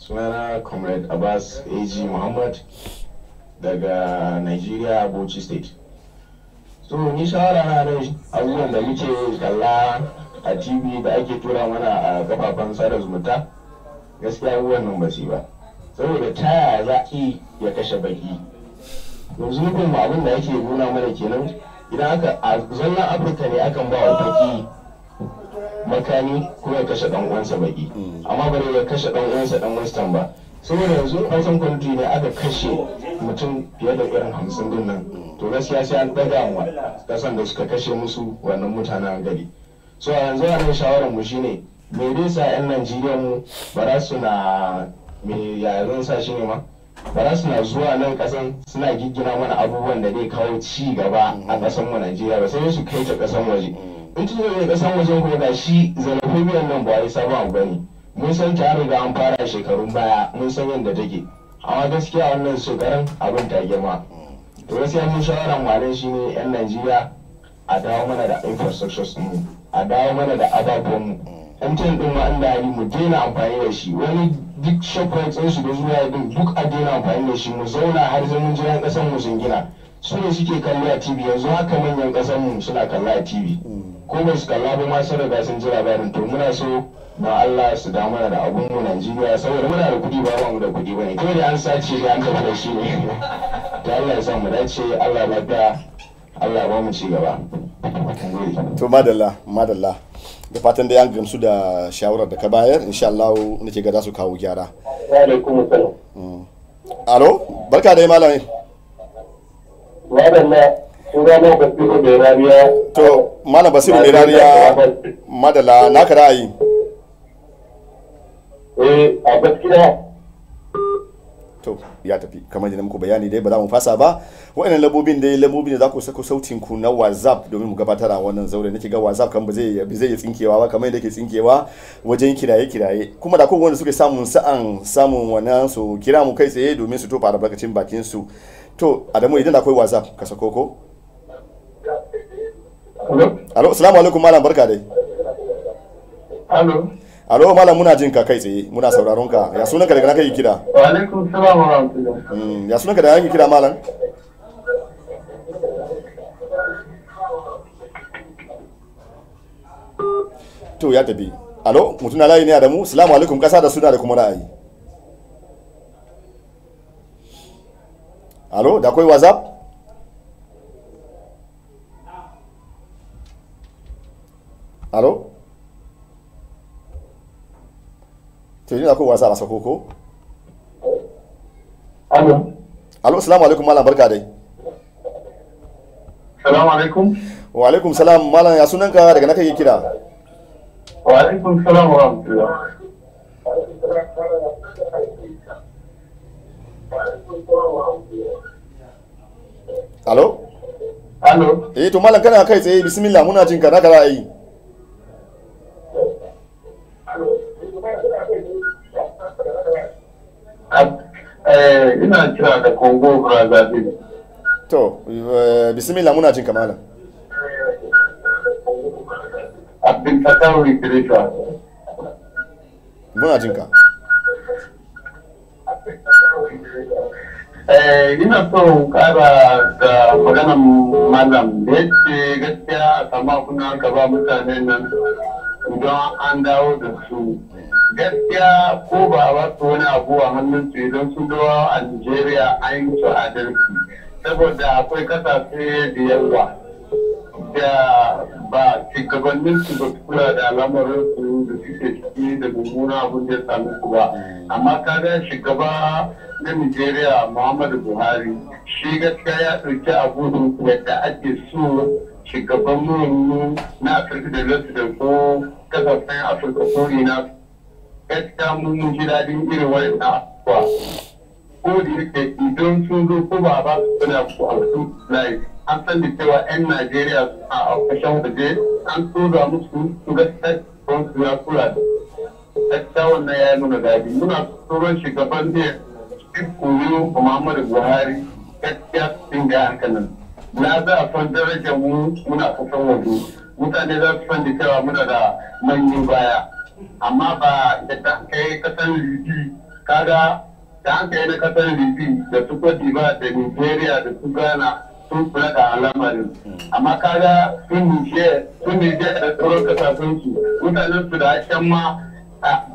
Sunana Comrade Abbas AG Muhammad daga Nigeria Bauchi State. So ni shawara na nan abubuwan da muke kalla a TV da ake tura mana a kafafen sada zumunta gaskiya abubuwan nan ba su ba. Saboda ta yaya ya kashe baki. Yanzu nufin abin da yake nuna mana kenan idan aka a zallan Afirka ne akan ba wa baki makami kuma ya kashe dan uwansa baki amma bare ya kashe dan uwansa dan western ba saboda yanzu san country ne aka kashe mutum fiye da irin hamsin din nan to gaskiya sai an daga wa kasan da suka kashe musu wannan mutanen gari so a yanzu a nan shawarar mu shine me dai sa yan najeriya mu ba za su na me yaran sa shi ne ma ba za su na zuwa nan kasan suna giggina mana abubuwan da zai kawo ci gaba a kasan mu najeriya ba sai su kai ta kasan waje in ci daga kasan wajen kuma ga shi xenophobia nan ba sa sabon abu bane mun san ta riga an fara shekarun baya mun san yadda take amma gaskiya wannan shekarun abin ta girma to gaskiya mun shawaran malam shine yan Najeriya a dawo mana da infrastructures mu a dawo mana da ababen mu mtn din ma inda mu daina amfani da shi wani duk shoprite su da zuwa din duk a daina amfani da shi mu zauna har sai mun jiran kasan mu sun gina su ne suke kallo a tv yanzu haka manyan kasan mu suna kallo a tv ko ba su kalla ba ma sun riga sun ji labarin to muna so ba Allah su damu da abun mu Najeriya saboda muna da kuɗi ba mu da kuɗi bane kai da an sace da an tafi da shi ne da [laughs] Allah ya sa mu dace Allah ba da Allah ba mu ci gaba to madalla madalla da fatan da an gamsu da shawarar da ka bayar insha Allah nake ga za su kawo gyara wa alaikum assalam mm. alo barka dai malami madalla sun gano ka fito da rabiya to mana basiru mai rariya madala naka ra'ayi eh a gaskiya to ya tafi kamar da muku bayani dai ba za mu fasa ba wa'annan labobin dai labobin da za ku sako sautin ku na whatsapp domin mu gabatar a wannan zaure nake ga whatsapp kan ba zai zai tsinkewa ba kamar yadda yake tsinkewa wajen kiraye kiraye kuma da kowanne suke samun sa'an samun wannan su kira mu kai tsaye domin su tofa albarkacin bakin su to adamu idan akwai whatsapp ka sako ko Alo, salamu alaikum malam barka dai. Alo. Alo malam muna jin ka kai tsaye, muna sauraron ka. Ya ka daga nake kira? Wa alaikum salam wa rahmatullah. Mm, ya sunanka daga nake kira malam? To ya tafi. Alo, mutum na layi ne da mu. alaikum kasa da suna da kuma ra'ayi. Alo, da akwai WhatsApp? alo to ni akwai wasa a sako ko alo alo salamu alaikum malam barkade. Salam alaikum wa alaikum salam malam ya sunanka daga naka yi kira wa alaikum salam wa rahmatullah alo alo eh to malam kana kai tsaye bismillah muna jin ka naka ra'ayi ina kira da congo brazzaville to eh, bismillah muna jin kamala abdulfatar rikreta muna jin ka eh, ina so kara da maganan malam da yake gaskiya a samakuna ka ba mutane nan don an dawo da su gaskiya ko ba ba su wani abu a hannun su idan sun dawo a nigeria an yi su adalci saboda akwai kasashe da yawa da ba shugabannin su ba kula da al'amarin su da suke ciki da mummuna abin da ya sami su ba amma ga shugaba na nigeria muhammadu buhari shi gaskiya ya ɗauki abu yadda ake so shugaban mu na afirka da lasu da ko a afirka ko na gaskiya mun mun ji daɗin irin wani na kuwa ko da yake idan sun zo ko ba ba su suna ku a su lai an san da cewa yan najeriya a kashen waje an tura musu su ga tattalin su ya kula da gaskiya wannan ya yi nuna daɗi muna tsoron shugaban ne cikin koyo muhammadu buhari gaskiya sun ga hankalin na za a son darajar mu muna kasan wajen. mutane za su san cewa muna da manyan baya amma ba da ta kai kasan libi kaga da an kai na kasan libi da su kwadi ba da nigeria da su ghana sun kula da alamarin amma kaga sun nishe sun nishe da tsoron kasashen su mutanen su da can ma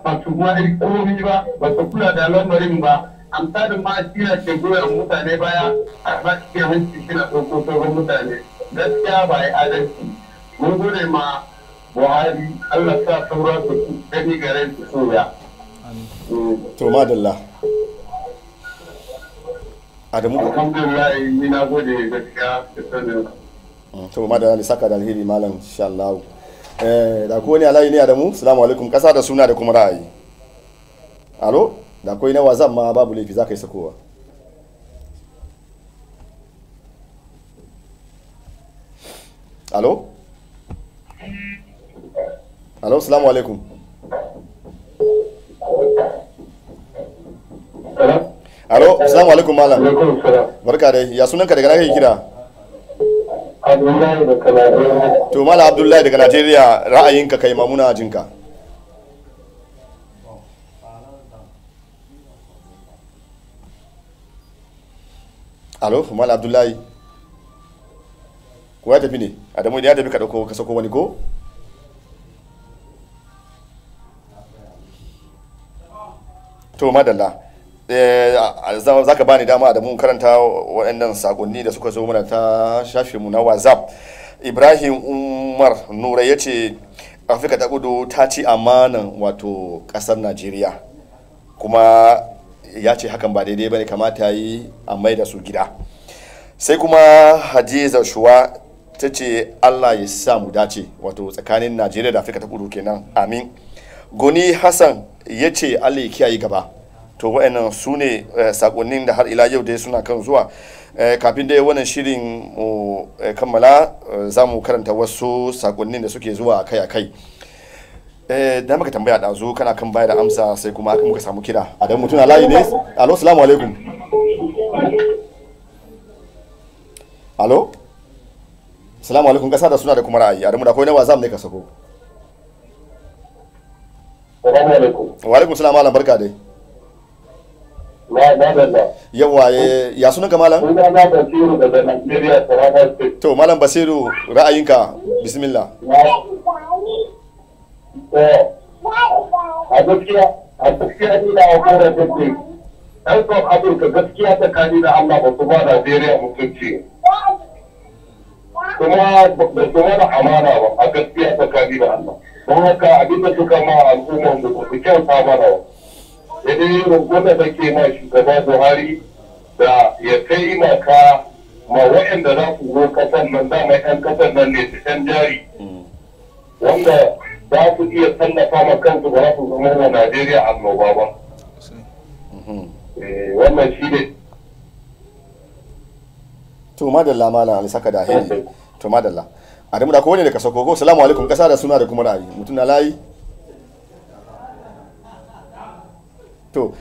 ba su ma komi ba ba su kula da alamarin ba amsalin ma shira ke goyar mutane baya a ba cikin hanci shi na ɗauko sauran mutane gaskiya ba ya adalci mun gode ma buhari allah sa saura su gani gare su soya to madalla adamu alhamdulillah ni na gode gaskiya da sanin mm, to madalla ne saka da alheri malam insha Allah eh da ko ne alayi ne adamu assalamu alaikum kasa da suna da kuma ra'ayi alo da koi na wazan ma babu laifi za ka yi sakowa alo Allo, salamu alaikum. Allo, salamu alaikum malam. Barka dai, ya sunanka daga nake kira? To malam Abdullahi daga Najeriya ra'ayinka kai mamuna jinka. Allo, malam Abdullahi. kuwa ya tafi ne? Adamu ya tafi ka dauko ka sako wani ko? to madalla eh, za ka bani dama da mun karanta waɗannan sakonni da suka zo mana ta shafe mu na whatsapp ibrahim umar nura ya ce afirka ta kudu ta ci amanan wato ƙasar najeriya kuma ya ce hakan ba daidai bane kamata yi a mai da su gida sai kuma hadiza shuwa ta ce allah ya sa mu dace wato tsakanin najeriya da afirka ta kudu kenan amin goni hassan ya ce allah ya kiyaye gaba to wa'annan su ne eh, sakonnin da har ila yau da suna kan zuwa eh, kafin dai wannan shirin mu eh, kammala za mu karanta wasu sakonnin da suke zuwa kai a kai da maka tambaya ɗazu kana kan bayar da amsa sai kuma aka muka samu kira a dan mutuna alayi ne alo salamu alaikum alo salamu alaikum kasa da suna da kuma ra'ayi a da mu da kawai na wazam ne ka sako Salamu alaikum. Wa alaikum salam malam barka dai. Yawa eh, ya sunan ka malam? Sunana Basiru daga Nigeria Taraba State. To malam Basiru ra'ayinka bismillah. Eh, a gaskiya a gaskiya ni na kora take. Ɗan kwan ka gaskiya tsakani na Allah ba su ba Najeriya mutunci. Kuma ba su amana ba a gaskiya tsakani da Allah. don haka abin da suka ma al'umman da su kyauta mana da dai roƙon da ke ma shugaba buhari da ya taimaka ma waɗanda za ku zo kasan nan dama 'yan kasan nan ne su ɗan jari wanda za su iya tallafa ma kansu ba za su zama na najeriya annoba ba eh, wannan shi ne to madalla malam alisaka da to madalla adamu da kowane da kasa koko salamu alaikum kasa da suna da kuma rayu mutum na layi to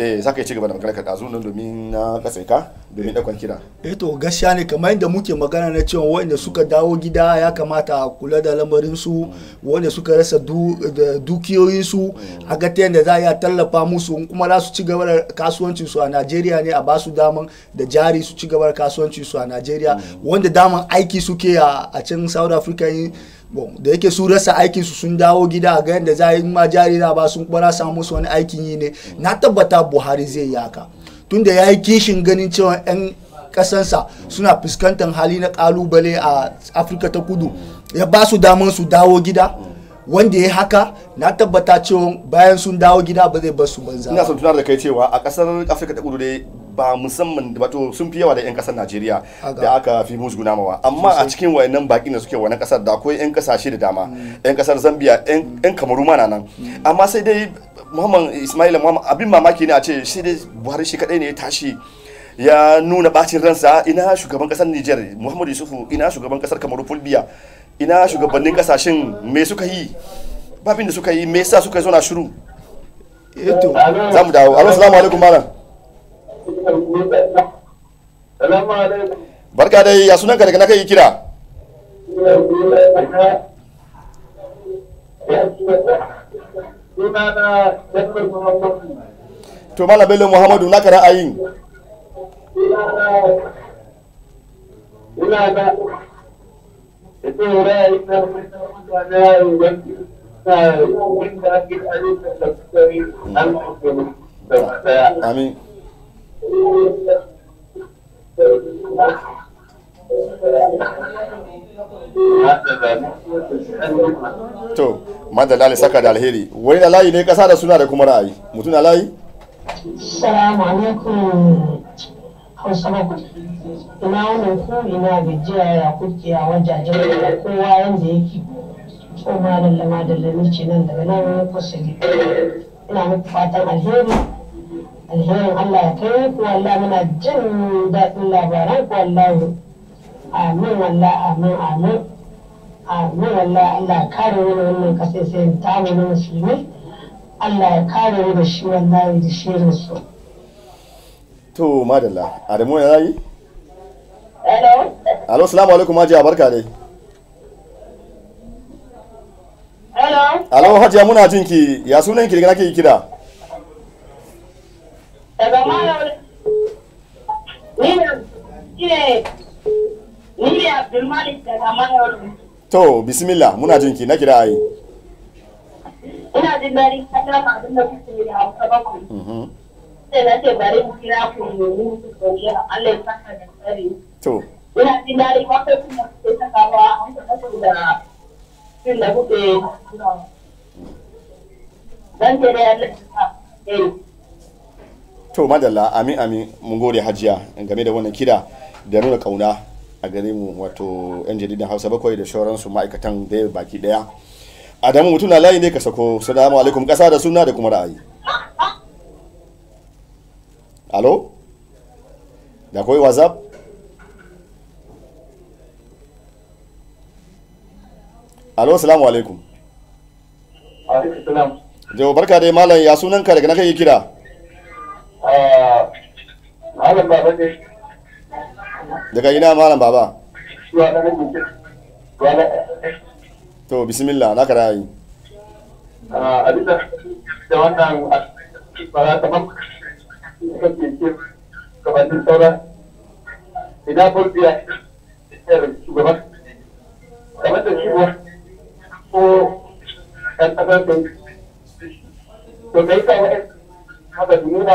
eh za ka yi cigaba da magana ka ɗazu nan domin na kasai ka domin ɗaukan kira eh to gaskiya ne kamar yadda muke magana na cewa wanda suka dawo gida ya kamata a kula da lamarin su wanda suka rasa dukiyoyin su a ga ta yadda za a tallafa musu kuma za su ci gaba da kasuwancin su a Najeriya ne a ba su daman da jari su ci gaba da kasuwancin su a Najeriya wanda daman aiki suke a can South Africa bon da yake su rasa aikin su sun dawo gida ga yadda za yi ma jari na ba sun kwara samu musu wani aikin yi ne na tabbata buhari zai yi tun tunda ya yi kishin ganin cewa 'yan kasansa suna fuskantar hali na kalubale a afirka ta kudu ya ba su daman su dawo gida wanda ya haka na tabbata cewa bayan sun dawo gida ba zai bar su banza ina son tunar da kai cewa a kasar afirka ta kudu dai ba musamman wato sun fi yawa da 'yan kasar najeriya da aka fi musguna mawa amma a cikin wayannan baki da suke wani kasar da akwai 'yan kasashe da dama 'yan mm. kasar zambia 'yan kamaru mana nan mm. amma sai dai muhammad ismail muhammad abin mamaki ne a ce shi dai buhari shi kadai ne ya tashi ya nuna bacin ransa ina shugaban kasar niger muhammad yusufu ina shugaban kasar kamaru fulbiya ina shugabannin kasashen me suka yi babin da suka yi me yasa suka zo na shiru eh za mu dawo alaikum malam barka dai ya sunanka daga na kai kira to mala bello muhammadu na kara ayin ina amin to madalla ne saka da alheri wai na layi ne kasa da suna da kuma ra'ayi mutum na layi salamu alaikum hausa bakwai ina wannan ku ina gajiya ya kuke a wajajen da kowa yanda yake ko madalla madalla ni ce nan daga nan kusa ina muku fatan alheri alherin Allah ya kai ku wallahi muna jin daɗin labaran ku wallahi amin wallahi amin amin amin wallahi Allah ya kare mu wannan kasai sai ta mu musulmi Allah ya kare mu da shi wallahi da shirin su to madalla Adamu ya yi Hello Hello assalamu alaikum hajiya barka dai Hello Hello hajiya muna jinki ya sunan ki daga nake kira ni to bismillah muna jinki na kira ai. ina jin daɗi ma abin da kuke da hausa Mhm. sai na ce bari mu kira ku ne mu ko ya Allah ya saka da tsari. to ina jin ko kwakwai kuma sai ta kawo an ta kasu da fil da kuke dan kere Allah ya Eh. to madalla amin amin mun gode hajiya game da wannan kida da nuna kauna a gare mu wato yan jaridan hausa bakwai da shauransu ma'aikatan da baki daya adamu mutum na layi ne ka sako salamu alaikum kasa da suna da kuma ra'ayi alo da kawai whatsapp alo salamu alaikum alaikum salam jawo barka dai malam ya sunanka daga na kai yi kira Ah, malam Baba ne. Daga ina Malam Baba? To, bismillah, na kara yi. A ah, bisa da wannan ta kamar kake ce gabanin saura ina burbiya yar shugaban kamar da shigo ko kan kasar don to kai kawai haka nuna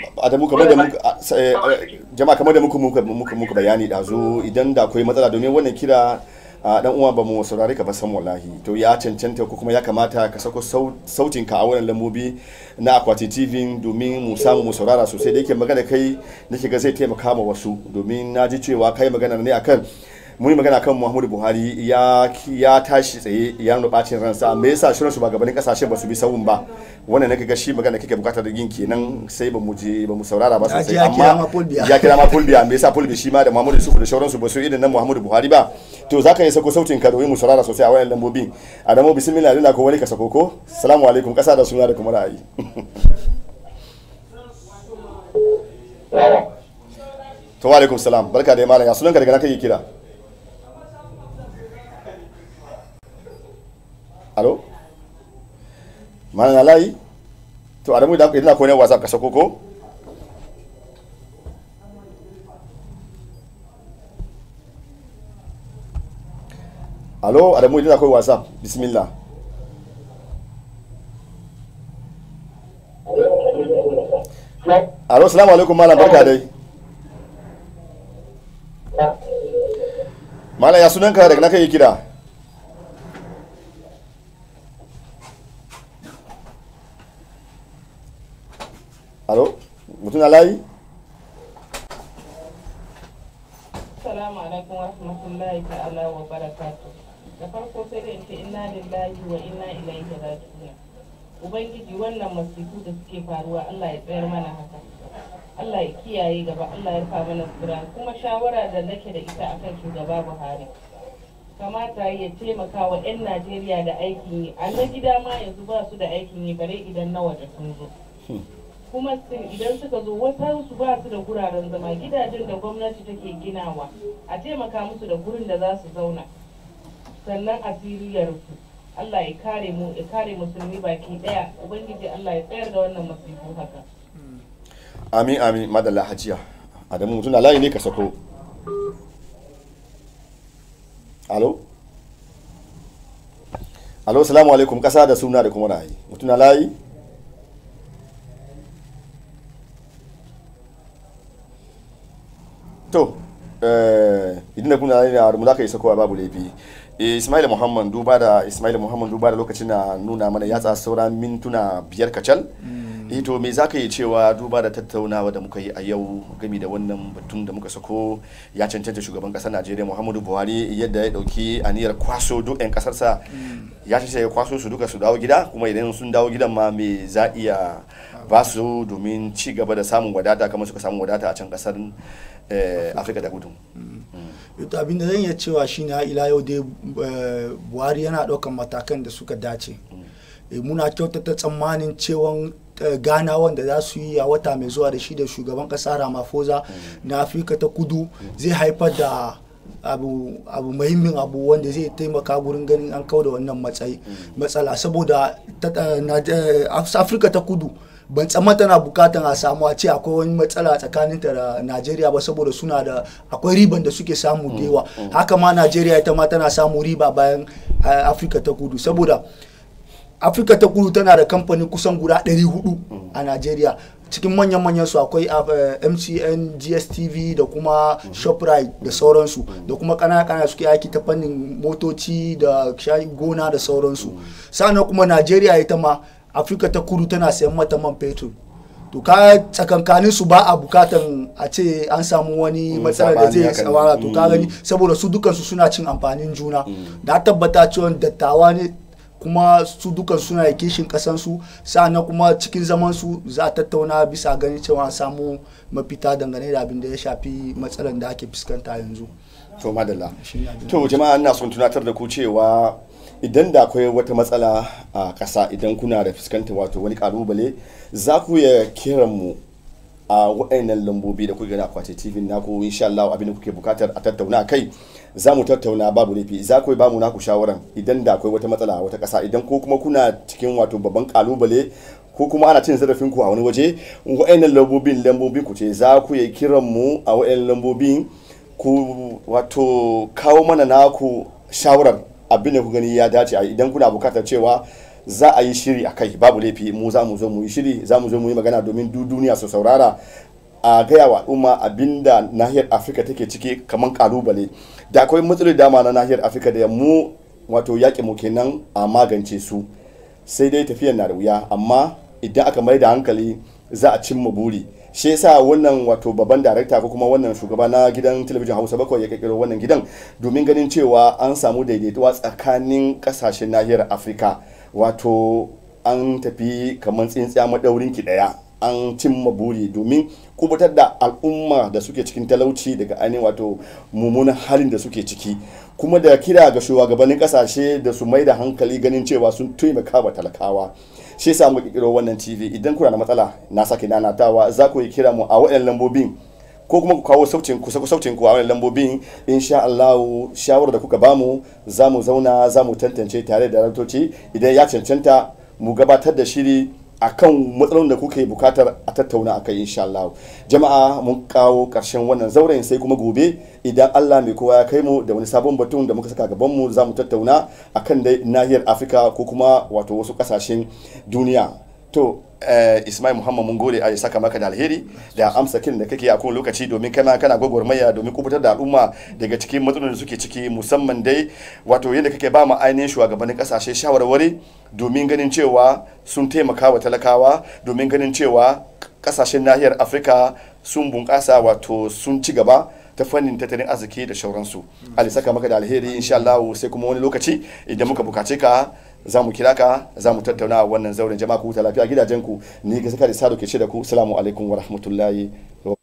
Adamu kamar da muka eh, jama'a kamar da muka muka muka bayani dazu idan da akwai matsala domin wannan kira a dan uwa ba mu saurare ka ba san wallahi to ya cancanta ko kuma ya kamata ka sako sautin ka a wannan lambobi na akwati TV domin mu samu mu saurara sosai da yake magana kai nake ga zai taimaka ma wasu domin na ji cewa kai magana ne akan mun magana kan Muhammadu Buhari ya ya tashi tsaye ya nuna bacin ransa me yasa shirin shugabannin kasashen ba su bi sawun ba wannan nake ga shi magana kike bukatar yin kenan sai ba mu je ba mu saurara ba sosai amma ya kira ma Fulbiya me yasa Fulbiya shi ma da Muhammadu Yusuf da shauransu ba su irin nan Muhammadu Buhari ba to zaka yi sako sautin ka domin mu saurara sosai a wayan lambobin Adamu bismillah lillah ko wani ka sako ko assalamu alaikum kasa da suna da kuma ra'ayi [laughs] to wa alaikum salam barka da malam ya sunan ka daga nan kake kira alo manana na layi to adamu da idan akwai ne whatsapp ka sako alo adamu idan kone whatsapp bismillah alo salamu alaikum malam barka dai malam ya sunanka daga na kai kira Halo? Mutum alayi? Salamu alaikum wa rahmatullahi ta'ala wa barakatu. Da farko sai da ce inna lillahi wa inna ilaihi raji'un. Ubangiji wannan masifu da suke faruwa Allah ya tsayar mana haka. Allah ya kiyaye gaba Allah ya fa mana sura kuma shawara da nake da ita akan shugaba Buhari. kamata ya taimaka wa 'yan Najeriya da aikin yi a na gida ma yanzu ba su da aikin yi bare idan na waje sun zo. Hmm. kuma idan suka zo wasansu ba su da guraren zama gidajen da gwamnati take ginawa a taimaka musu da gurin da za su zauna sannan asiriyarsu Allah ya kare mu ya kare musulmi baki daya ubangiji Allah ya tsayar da wannan masifu haka amin amin madalla hajiya adamu mutuna layi ne ka sako alo alo salamu alaikum kasa da suna da kuma rayi mutuna layi to eh, idan da kuna mu za ka yi babu laifi eh, Ismail Muhammad duba da Ismail Muhammad duba da lokacin na nuna mana ya tsasa sauran mintuna biyar kacal. ito hmm. eh, to me za yi cewa duba da tattaunawa da muka yi a yau gami da wannan batun da muka sako ya cancanta shugaban kasar Najeriya Muhammadu Buhari yadda ya dauki aniyar kwaso duk 'yan kasarsa hmm. ya cancanta ya kwaso su duka su dawo gida kuma idan sun dawo gidan ma me za iya ba su domin ci gaba da samun wadata kamar suka samu wadata a can kasar eh, afirka da kudu mm. to abin da zan iya cewa shi ne ila yau dai eh, buhari yana ɗaukan matakan da suka dace mm. eh, muna kyautata tsammanin cewa gana wanda za su yi a wata mai zuwa da shi da shugaban kasa ramaphosa mm. na afirka ta kudu zai haifar da abu abu muhimmin abu wanda zai taimaka gurin ganin an kawo da wannan matsala saboda afirka ta kudu ban tsamman tana bukatan a samu a ce akwai wani matsala tsakanin ta da Najeriya ba saboda suna da akwai riban da suke samu da yawa mm, mm. haka ma Najeriya ita ma tana samu riba bayan eh, Afirka ta Kudu saboda Afirka ta Kudu tana da kamfani kusan guda 400 mm. a Najeriya cikin manyan-manyan su akwai eh, eh, mcn gstv da kuma shoprite da sauransu da kuma kana-kana suke aiki ta fannin motoci da gona da sauransu sannan kuma najeriya ita ma afirka ta kudu tana sayan mata man fetur to ka tsakankanin su ba a bukatan a ce an samu wani mm, matsala da zai tsawara to ka gani mm. saboda su dukansu suna cin amfanin juna mm. na tabbata cewa dattawa ne kuma su dukan suna da kishin kasan su na kuma cikin zaman su za a tattauna bisa gani cewa an samu mafita dangane da abin da ya shafi matsalan da ake fuskanta yanzu to madalla to jama'a ina son tunatar da ku cewa idan da akwai wata matsala a ƙasa idan kuna da fuskanta wato wani ƙalubale za ku iya kiran mu a waɗannan lambobi da kuke da akwati TV na naku insha Allah abin da kuke bukatar a tattauna kai za mu tattauna babu laifi za ku ba mu naku shawaran idan da akwai wata matsala a wata ƙasa idan ko kuma kuna cikin wato babban ƙalubale ko kuma ana cin zarafin ku a wani waje waɗannan lambobin lambobin ku ce za ku iya kiran mu a waɗannan lambobin ku wato kawo mana naku shawarar abin da ku gani ya dace a idan kuna bukatar cewa za a yi shiri a kai babu laifi mu za mu zo mu yi shiri za mu zo mu yi magana domin du duniya su saurara a gaya wa al'umma abinda nahiyar afirka take ciki kamar kalubale da akwai matsalar dama na nahiyar afirka da mu wato yaƙi mu kenan a magance su sai dai tafiyar na da wuya amma idan aka mai da hankali za a cimma buri shi yasa wannan wato babban darakta ko kuma wannan shugaba na gidan talabijin hausa bakwai ya kirkiro wannan gidan domin ganin cewa an samu daidaituwa tsakanin kasashen nahiyar afirka wato an tafi kamar tsintsiya maɗaurin ki ɗaya an cimma buri domin kubutar da al'umma da suke cikin talauci daga ainihin wato mummunan halin da suke ciki kuma da kira ga shugabannin kasashe da su mai da hankali ganin cewa sun taimaka wa talakawa shi yasa mu kikiro wannan TV idan kuna da matsala na sake nanatawa za ku yi kira mu a waɗannan lambobin ko kuma ku kawo sautin ku saku sautin ku a wayan lambobin insha Allah shawarar da kuka bamu za mu zauna za mu tantance tare da rantoci idan ya cancanta mu gabatar da shiri a kan matsalolin da kuke bukatar a tattauna akai insha Allah jama'a mun kawo karshen wannan zauren sai kuma gobe idan Allah mai kowa ya kai mu da wani sabon batun da muka saka gaban mu za mu tattauna akan dai nahiyar Afirka ko kuma wato wasu kasashen duniya to Eh, Ismail Muhammad mun gode a saka maka da alheri da amsa kin da kake a kowane lokaci domin kana kana gwagwarmaya domin kubutar da al'umma daga cikin matsalolin da suke ciki musamman dai wato yadda kake ba mu ainihin shugabannin kasashe shawarwari domin ganin cewa sun taimaka wa talakawa domin ganin cewa kasashen nahiyar Afirka sun bunƙasa wato sun ci gaba ta fannin tattalin arziki da shauransu. Ali saka maka da alheri insha Allah sai kuma wani lokaci idan muka bukace ka za mu kira ka za mu tattauna wannan zauren jama'a ku huta lafiya gidajen ku ni gaskiya da sado ke ce da ku assalamu alaikum wa rahmatullahi